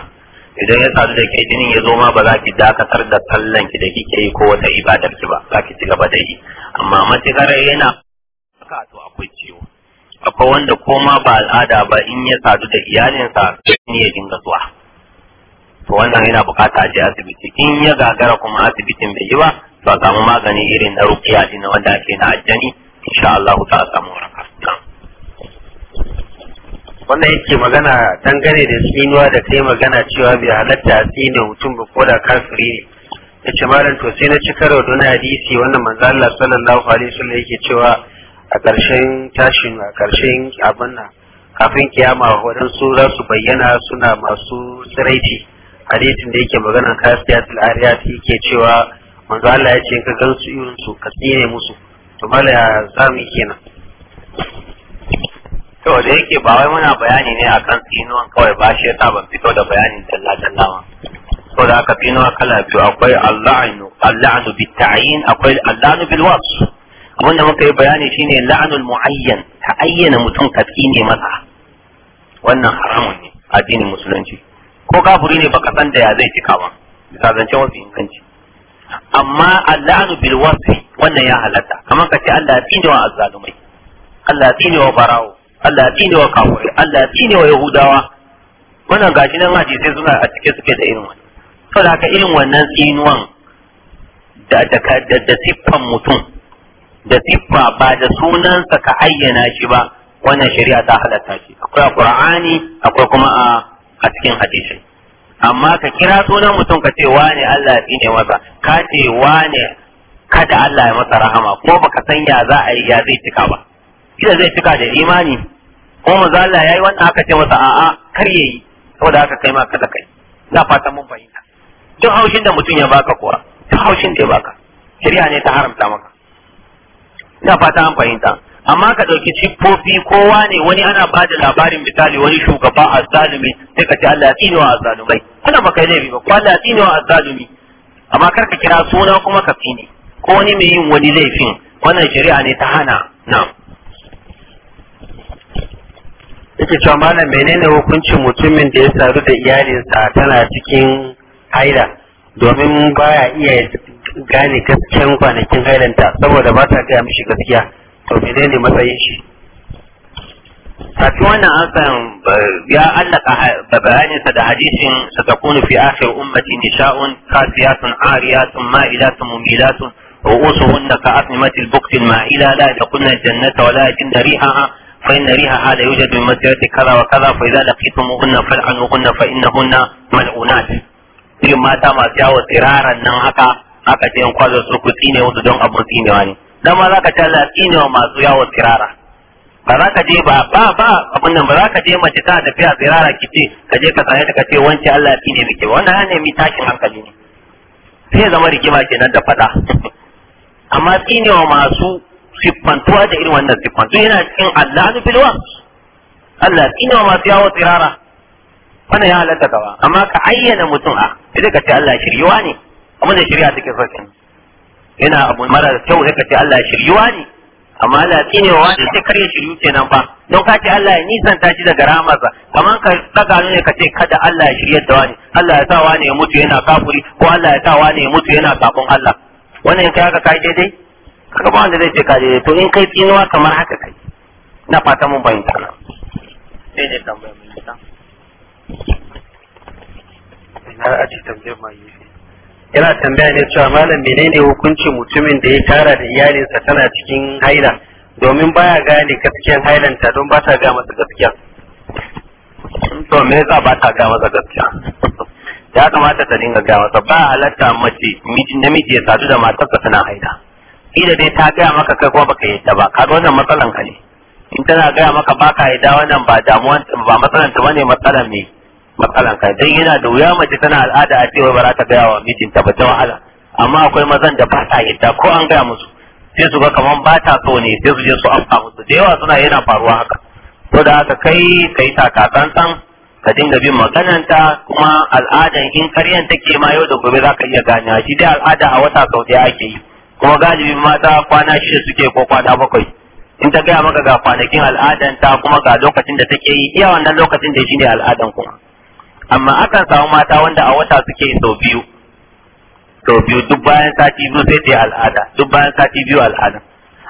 idan ya sadu da ke jinin ya zo ma ba za ki dakatar da sallan ki da kike yi ko wata ibadar ki ba za ki ci gaba da yi amma matukar yana ka to akwai ciwo akwai wanda ko ma ba al'ada ba in ya sadu da iyalinsa ne ya dinga zuwa to wannan yana bukata a je asibiti in ya gagara kuma asibitin bai yi ba to a samu magani irin na rukiya din wanda ake na ajjani insha Allah ta samu waraka wannan yake magana dangane da tsinuwa da kai magana cewa bai halatta a tsine mutum ba ko da kafiri ne yace malam to sai na ci karo da hadisi wannan manzo Allah sallallahu alaihi wasallam yake cewa a ƙarshen tashin a ƙarshen abin nan kafin kiyama su za su bayyana suna masu tsiraici hadisin da yake magana kasiyatul ariyat yake cewa manzo Allah ya ce ka gansu irin su ka tsine musu to malam ya zamu kenan to da yake ba wai muna bayani ne akan tsinuwan kawai ba shi yasa ban fito da bayanin talla-talla ba to da aka tsinuwa kala biyu akwai al-la'nu al tayin akwai al-la'nu bil-wasf abin da muka yi bayani shine la'nul mu'ayyan ta ayyana mutum ka tsine masa wannan haramun ne addinin musulunci ko kafiri ne baka san da ya zai cika ba bisa zancen wasu inganci amma al-la'nu bil-wasf wannan ya halatta kamar ka ce Allah ya wa azzalumai Allah ya wa barawo Allah ya tsine wa kafirai Allah ya tsine wa yahudawa wannan gashi nan sai suna a cike suke da irin wannan da haka irin wannan tsinuwan da da da, da siffan mutum da siffa ba da sunansa ka ayyana shi ba wannan shari'a ta halatta shi akwai a qur'ani akwai kuma a a cikin hadisi amma ka kira sunan mutum ka ce wane Allah ya tsine masa ka ce wane kada Allah ya masa rahama ko baka san ya za a yi ya zai cika ba kila zai cika da imani ko manzo Allah yayi wannan aka ce masa a'a kar yayi saboda aka kai ma da kai na fata mun bayyana duk haushin da mutum ya baka kuwa duk haushin da ya baka shari'a ne ta haramta maka ina fata an fahimta amma ka ɗauki siffofi kowa ne wani ana ba da labarin misali wani shugaba a zalumi sai ka ce Allah ya tsine wa azzalumai kana ba kai laifi ba ko Allah ya tsine wa azzalumi amma kar ka kira suna kuma ka tsine ko wani mai yin wani laifin wannan shari'a ne ta hana na'am yake cewa malam menene hukuncin mutumin da ya saru da iyalinsa tana cikin haila domin baya iya gane gaskiyan kwanakin hailanta saboda ba ta gaya mishi gaskiya to menene matsayin shi kafin wannan an san ya allaka bayaninsa da hadisin satakunu fi akhir ummati nisha'un kasiyatun ariyatun ma'ilatun mumilatun ru'usuhunna ka'atnimatil buktil ma'ila la yadkhulna al-jannata wa la yajidna فإن ريحها لا يوجد من مسيرة كذا وكذا فإذا لقيتموهن فالعنوهن فإنهن ملعونات irin mata masu yawo tsiraran nan haka haka ce kwazo su ku tsine wasu don abun tsinewa ne dan ma zaka ce Allah masu yawo tsirara ba za ka je ba ba ba abun nan ba za ka je mace ta tafiya tsirara ki ce ka je ka sanya ta ka ce wance Allah tsine miki wannan ya nemi tashin hankali ne sai zama rigima kenan da fada amma tsinewa masu siffantuwa da irin wannan siffantu yana cikin allanu filwa Allah ina masu yawo tsirara wannan ya halatta gaba amma ka ayyana mutum a ah, sai ka ce Allah shiryuwa ne amma da shirya take so kin yana abu mara kyau sai ka ce Allah shiryuwa ne amma Allah tsinewa da sai kare shiryu nan fa don ka ce Allah ya nisanta shi daga rahamarsa Kamar ka daga ne ka ce kada Allah ya shiryar da wani Allah ya sa wani ya mutu yana kafuri ko Allah ya sa wani ya mutu yana sabon Allah wannan kai haka kai daidai kaga ba wanda zai ce ka to in kai tsinuwa kamar haka kai na fata mun bayyana nan sai ne tambaya mun ta ina ji tambaya mai yi yana tambaya ne cewa malam menene hukuncin mutumin da ya tara da iyalinsa tana cikin haila domin baya gane gaskiyan hailanta don ba ta ga masa gaskiya to me yasa ba ta ga masa gaskiya ya kamata ta dinga ga masa ba halatta mace namiji ya sadu da matarsa tana haila ida dai ta gaya maka kai kuma baka yadda ba kaga wannan matsalan ka ne in tana gaya maka baka yadda wannan ba damuwan ba matsalan ta bane matsalan ne matsalan ka dan yana da wuya mace tana al'ada a cewa ba za ta gaya wa mijinta ba ta wahala amma akwai mazan da ba sa yadda ko an gaya musu sai su ga kaman ba ta so ne sai su je su amsa musu da yawa suna yana faruwa haka to da haka kai kai taka tsantsan ka dinga bin maganarta kuma al'adan in karyan take ma yau da gobe za ka iya ganewa shi dai al'ada a wata sau ɗaya ake yi kuma galibi mata kwana shida suke ko kwana bakwai in ta gaya maka ga kwanakin al'adan ta kuma ga lokacin da take yi iya wannan lokacin da shine al'adan kuma amma akan samu mata wanda a wata suke yin sau biyu sau biyu duk bayan sati biyu sai ta yi al'ada duk bayan sati biyu al'ada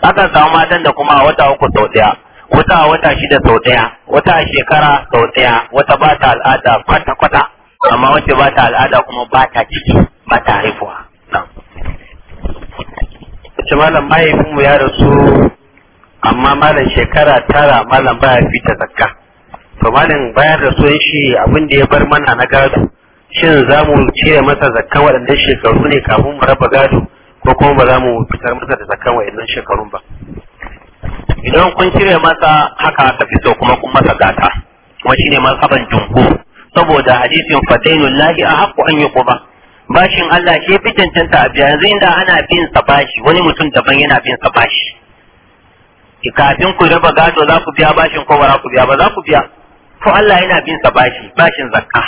akan samu matan da kuma a wata uku sau ɗaya wata a wata shida sau ɗaya wata a shekara sau ɗaya wata ba ta al'ada kwata kwata amma wacce ba ta al'ada kuma ba ta ciki ba ta haifuwa ce malam mahaifinmu ya rasu amma malam shekara tara malam baya fita zakka to malam bayan rasuwan shi abin da ya bar mana na gado shin za mu cire masa zakka waɗanda shekaru ne kafin mu raba gado ko kuma ba za mu fitar masa da zakka waɗannan shekarun ba idan kun cire masa haka aka fi so kuma kun masa gata kuma shine masaban jinku saboda hadisin fatainullahi a haqqu an yuqba bashin Allah shi fi cancanta a biya yanzu inda ana bin sa bashi wani mutum daban yana bin sa bashi kafin ku raba gado za ku biya bashin ko ba ku biya ba za ku biya to Allah yana bin sa bashi bashin zakka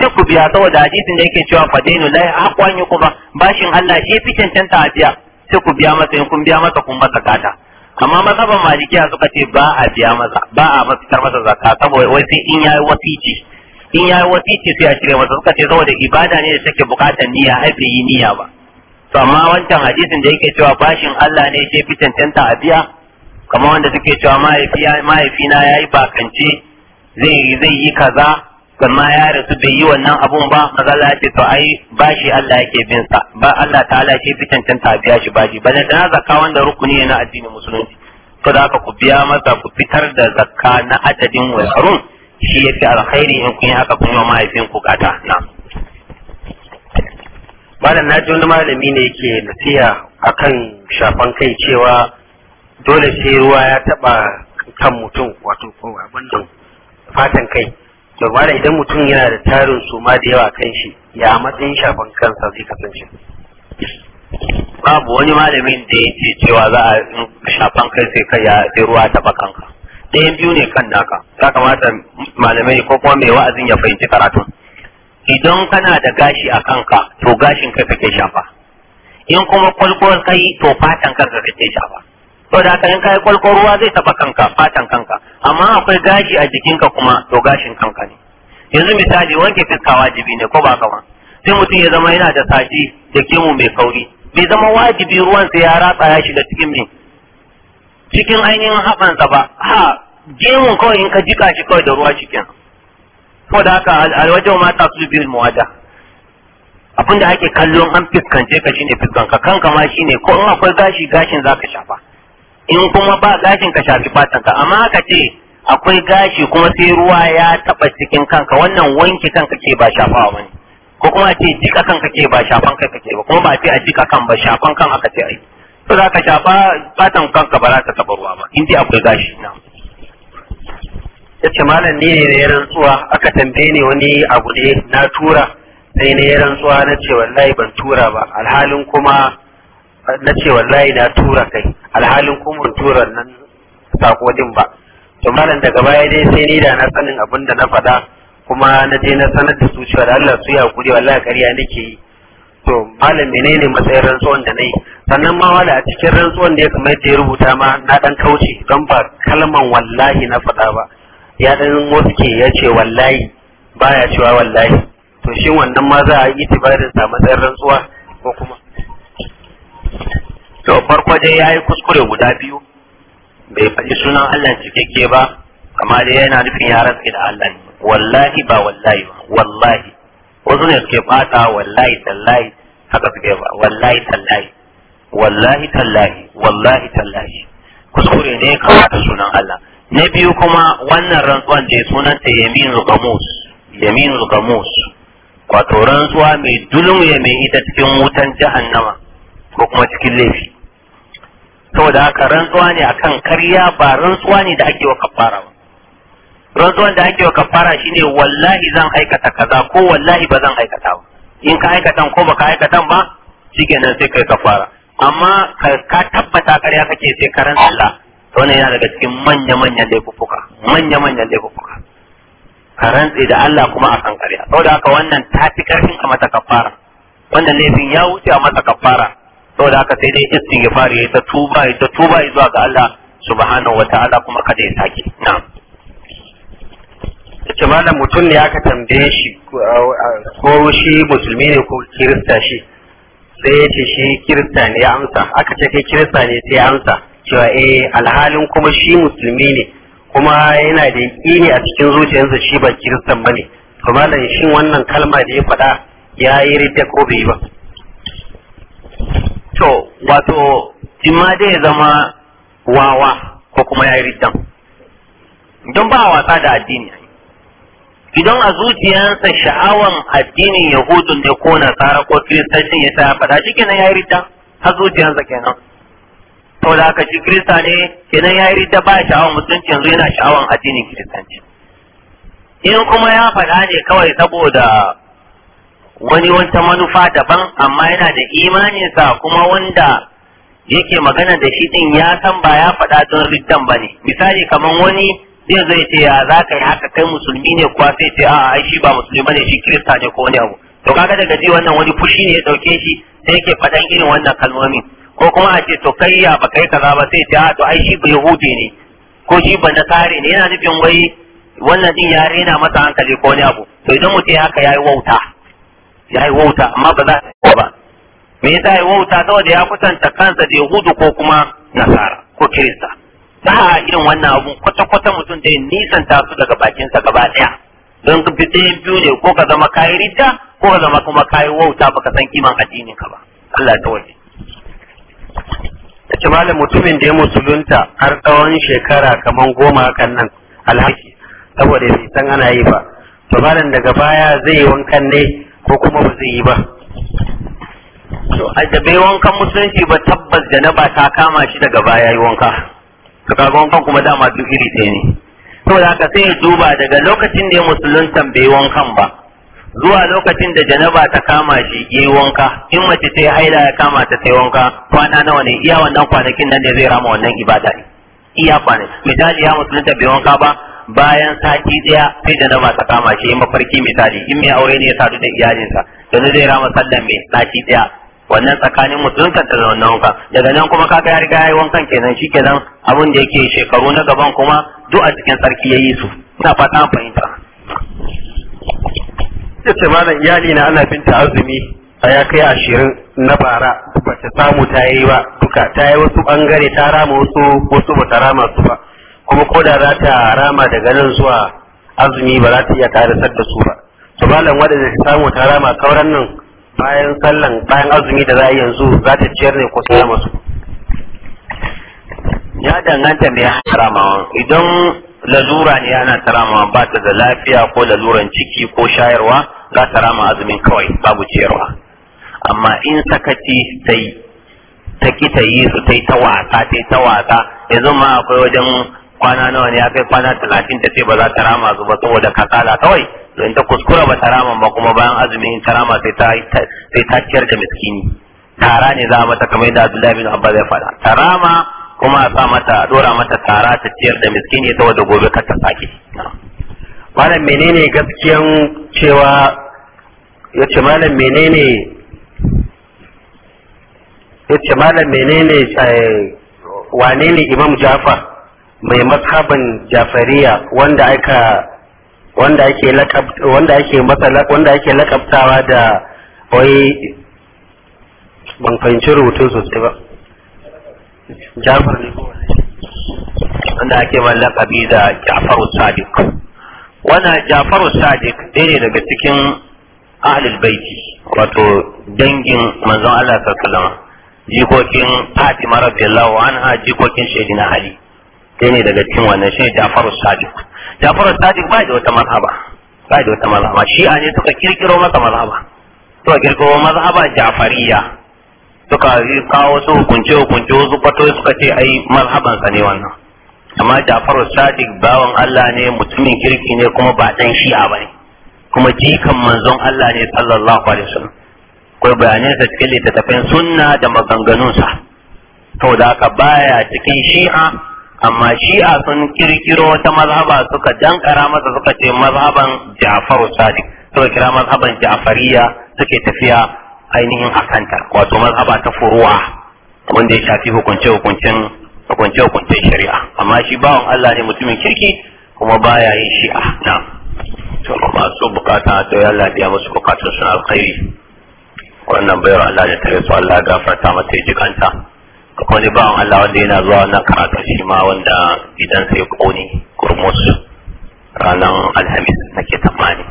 sai ku biya saboda hadisin da yake cewa fadainu la yaqwan yukuba bashin Allah shi fi cancanta a biya sai ku biya masa in kun biya masa kun masa gata amma mazhaban malikiya suka ce ba a biya masa ba a fitar masa zakka saboda wai sai in yayi ji. in ya yi wasiki sai a cire masa suka ce saboda ibada ne da take bukatar niyya ai bai yi niyya ba to amma wancan hadisin da yake cewa bashin Allah ne yake fi cancanta a biya kamar wanda suke cewa mahaifina ya yi bakance zai zai yi kaza kuma ya rasu bai yi wannan abun ba mazala ce to ai bashi Allah yake bin sa ba Allah ta'ala yake fi cancanta a biya shi bashi ba da na zakka wanda rukuni ne na addinin musulunci to da haka ku biya masa ku fitar da zakka na adadin wasarun shi ya ce alkhairi in kun yi haka kun yi wa mahaifin ku gata na malam na ji wani malami ne yake nasiha akan shafan kai cewa dole sai ruwa ya taba kan mutum wato ko abin nan fatan kai to malam idan mutum yana da tarin suma da yawa kan shi ya matsayin shafan kansa zai kasance babu wani malamin da ya ce cewa za a shafan kai sai kai ya ruwa taba kanka ɗayan biyu ne kan naka ya kamata malamai ko kuma mai wa'azin ya fahimci karatun idan kana da gashi a kanka to gashin kai kake shafa in kuma kwalkwal kai to fatan kanka kake shafa to da haka in kai kwalkwal ruwa zai taba kanka fatan kanka amma akwai gashi a jikinka kuma to gashin kanka ne yanzu misali wanke fuska wajibi ne ko ba kama sai mutum ya zama yana da saji da kimu mai kauri bai zama wajibi ruwan sai ya ratsa ya shiga cikin mai cikin ainihin haɓansa ba ha gemun kawai in ka jika shi kawai da ruwa cikin ko da haka alwajen mata su biyu muwada abin da ake kallon an fiskance ka shine fiskanka kanka ma shine ko in akwai gashi gashin zaka shafa in kuma ba gashin ka shafi fatan ka amma haka ce akwai gashi kuma sai ruwa ya taba cikin kanka wannan wanke kanka ke ba shafawa wani, ko kuma a ce jika kanka ke ba shafan kai kake ba kuma ba a ce a jika kan ba shafan kan aka ce ai za ka shafa fatan kanka ba za ta taɓa ruwa ba in dai akwai gashi na ce malam ne ne ya rantsuwa aka tambaye ni wani abu ne na tura sai ne ya rantsuwa na ce wallahi ban tura ba alhalin kuma na ce wallahi na tura kai alhalin kuma tura nan sako din ba to malam daga baya dai sai ni da na sanin abin da na faɗa kuma na je na sanar da su cewa Allah su ya gure wallahi ƙarya nake yi to malam menene matsayin rantsuwan da nayi sannan ma wala a cikin rantsuwan da ya kamar da ya rubuta ma na dan kauce don ba kalman wallahi na faɗa ba ya dan waske ya ce wallahi baya cewa wallahi to shin wannan ma za a yi tibarin sa matsayin rantsuwa ko kuma to farko dai ya yi kuskure guda biyu bai faɗi sunan Allah cikakke ba amma dai yana nufin ya rantsi da Allah wallahi ba wallahi ba wallahi wasu ne suke bata wallahi tallahi haka suke ba wallahi tallahi wallahi tallahi wallahi tallahi kuskure ne kamata sunan Allah na biyu kuma wannan rantsuwan da ya sunan ta yaminul gamus yaminul gamus wato rantsuwa mai dulmuye mai ita cikin wutan jahannama ko kuma cikin laifi saboda haka rantsuwa ne akan karya ba rantsuwa ne da ake wa kafara ba rantsuwan da ake wa kafara shine wallahi zan aikata kaza ko wallahi ba zan aikata ba in ka aikatan ko baka aikatan ba shikenan sai kai kafara amma ka tabbata karya kake sai karan Allah to ne yana daga cikin manya manyan laifuka manya manyan laifuka karan da Allah kuma a akan karya saboda haka wannan ta fi karfin a mata kafara wannan laifin ya wuce a mata kafara saboda haka sai dai istighfar ya ta tuba ya ta tuba zuwa ga Allah subhanahu wataala kuma kada ya sake na'am ce malam mutum ne aka tambaye shi ko shi musulmi ne ko kirista shi sai ya ce shi kirista ne ya amsa aka ce kai kirista ne sai ya amsa cewa eh alhalin kuma shi musulmi ne kuma yana da yaƙini a cikin zuciyarsa shi ba kiristan bane to malam shin wannan kalma da ya faɗa ya yi ridda ko bai ba to wato jima ma dai zama wawa ko kuma ya yi riddan don ba wasa da addini idan a zuciyarsa sha'awan addinin yahudun da ko nasara ko kiristanci ya ta faɗa shi kenan ya yi rita a zuciyarsa kenan to da aka ci kirista ne kenan ya yi rita ba sha'awan musulunci yanzu yana sha'awan addinin kiristanci in kuma ya faɗa ne kawai saboda wani wata manufa daban amma yana da imaninsa kuma wanda yake magana da shi din ya san ba ya faɗa don riddan ba ne misali kamar wani yanzu zai ce ya za ka yi haka kai musulmi ne kuwa sai ce a ai shi ba musulmi bane shi kirista ne ko wani abu to kaga daga ji wannan wani fushi ne ya dauke shi sai yake faɗan irin wannan kalmomin ko kuma a ce to kai ya ba kai kaza ba sai ce a to ai shi ba yahudi ne ko shi ba tsari ne yana nufin wai wannan din ya rena masa hankali ko wani abu to idan mutum haka yayi wauta yayi wauta amma ba za ko ba me yasa yayi wauta saboda ya kusanta kansa da yahudu ko kuma nasara ko kirista ba irin wannan abun kwata-kwata mutum da nisanta su daga bakinsa gaba daya don ka fi ɗayan biyu ne ko ka zama kayi ridda ko ka zama kuma kayi wauta ba ka san kiman addinin ka ba Allah ta waje ce malam mutumin da ya musulunta har tsawon shekara kamar goma hakan nan alhaki saboda bai san ana yi ba to malam daga baya zai yi wankan ne ko kuma ba zai yi ba to a da bai wankan musulunci ba tabbas da na ba ta kama shi daga baya yi wanka to wankan kuma dama duk iri ɗaya ne saboda haka sai ya duba daga lokacin da ya musulunta bai wankan ba zuwa lokacin da janaba ta kama shi yi wanka in mace ta yi haila ya kama ta sai wanka kwana nawa ne iya wannan kwanakin nan ne zai rama wannan ibada ne iya kwana misali ya musulunta bai wanka ba bayan sati daya sai janaba ta kama shi mafarki misali in mai aure ne ya sadu da iyalinsa yanzu zai rama sallan mai sati daya wannan tsakanin musulunta da wannan wanka daga nan kuma kaga ya riga yayi wankan kenan shikenan abin da yake shekaru na gaban kuma duk a cikin sarki yayi su ina fata an fahimta yace malam iyali na ana binta azumi a ya kai ashirin na bara ba ta samu ta yi ba duka ta yi wasu bangare ta rama wasu wasu ba ta rama su ba kuma ko da za ta rama daga nan zuwa azumi ba za ta iya karasar da su ba to malam waɗanda ta samu ta rama kauran nan bayan sallan bayan azumi da za a yanzu za ta ciyar ne ko sai masu ya danganta mai haramawa idan lalura ne yana tarama ba ta da lafiya ko laluran ciki ko shayarwa za ta rama azumin kawai babu ciyarwa amma in sakaci sai ta ki ta yi su ta yi ta wasa ta yi ta wasa yanzu ma akwai wajen kwana nawa ne ya kai kwana talatin ta ce ba za ta rama su ba saboda kasala kawai to in ta kuskura ba ta rama ba kuma bayan azumi in ta rama sai ta sai ciyar da miskini tara ne za a mata kamar yadda Abdullahi bin Abba zai fada ta rama kuma a sa mata a dora mata tara ta ciyar da miskini saboda gobe kar ta sake malam menene gaskiyan cewa yace malam menene ce malam menene eh, wane ne Imam Jafar mai mazhaban jafariya wanda aka wanda ake wanda ake masa wanda ake lakabtawa da wai ban fahimci rubutun sosai ba jafar ne wanda ake ma lakabi da jafaru sadiq wannan jafaru sadiq ɗaya ne daga cikin ahlul baiti wato dangin manzon Allah sallallahu alaihi wasallam jikokin Fatima radiyallahu anha jikokin Shaidina Ali sai ne daga cikin wannan shi ne Jafaru Sadiq Jafaru Sadiq ba da wata mazhaba ba da wata mazhaba shi'a ne suka kirkiro masa mazhaba suka kirkiro mazhaba Jafariya suka kawo su hukunce hukunce wasu kwato suka ce ai sa ne wannan amma Jafaru Sadiq bawan Allah ne mutumin kirki ne kuma ba dan shi'a bane kuma jikan manzon Allah ne sallallahu alaihi wasallam akwai bayanai da cikin littattafan sunna da maganganunsa to da aka baya cikin shi'a amma shi'a sun kirkiro wata mazhaba suka dankara masa suka ce mazhaban Ja'faru Sadiq suka kira mazhaban Ja'fariya suke tafiya ainihin akanta wato mazhaba ta furuwa wanda ya shafi hukunce hukuncen hukunce hukuncen shari'a amma shi bawan Allah ne mutumin kirki kuma baya yin shi'a na to masu bukata to ya lafiya musu bukatun sun alkhairi wannan bayar Allah da ta yi su Allah gafarta mata ya jikanta wani bawan Allah wanda yana zuwa wannan karatu shi ma wanda idan sai kone kurmus ranar alhamis nake tsammani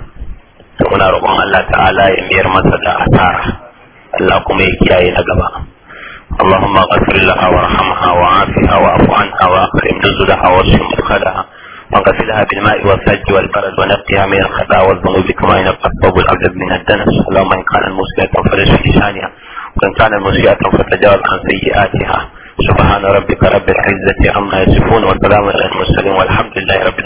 to muna roƙon Allah ta'ala ya miyar masa da asara Allah kuma ya kiyaye na gaba اللهم اغفر لها وارحمها وعافها واعف عنها واكرم نزلها واشف مدخلها واغسلها بالماء والثلج والبرد ونقها من الخطا والذنوب كما ينقى الثوب الابيض من الدنس اللهم ان كان المسلمه فليس لسانها وإن كان مسيئة فتجاوز عن سيئاتها سبحان ربك رب العزة عما يصفون وسلام على المرسلين والحمد لله رب العالمين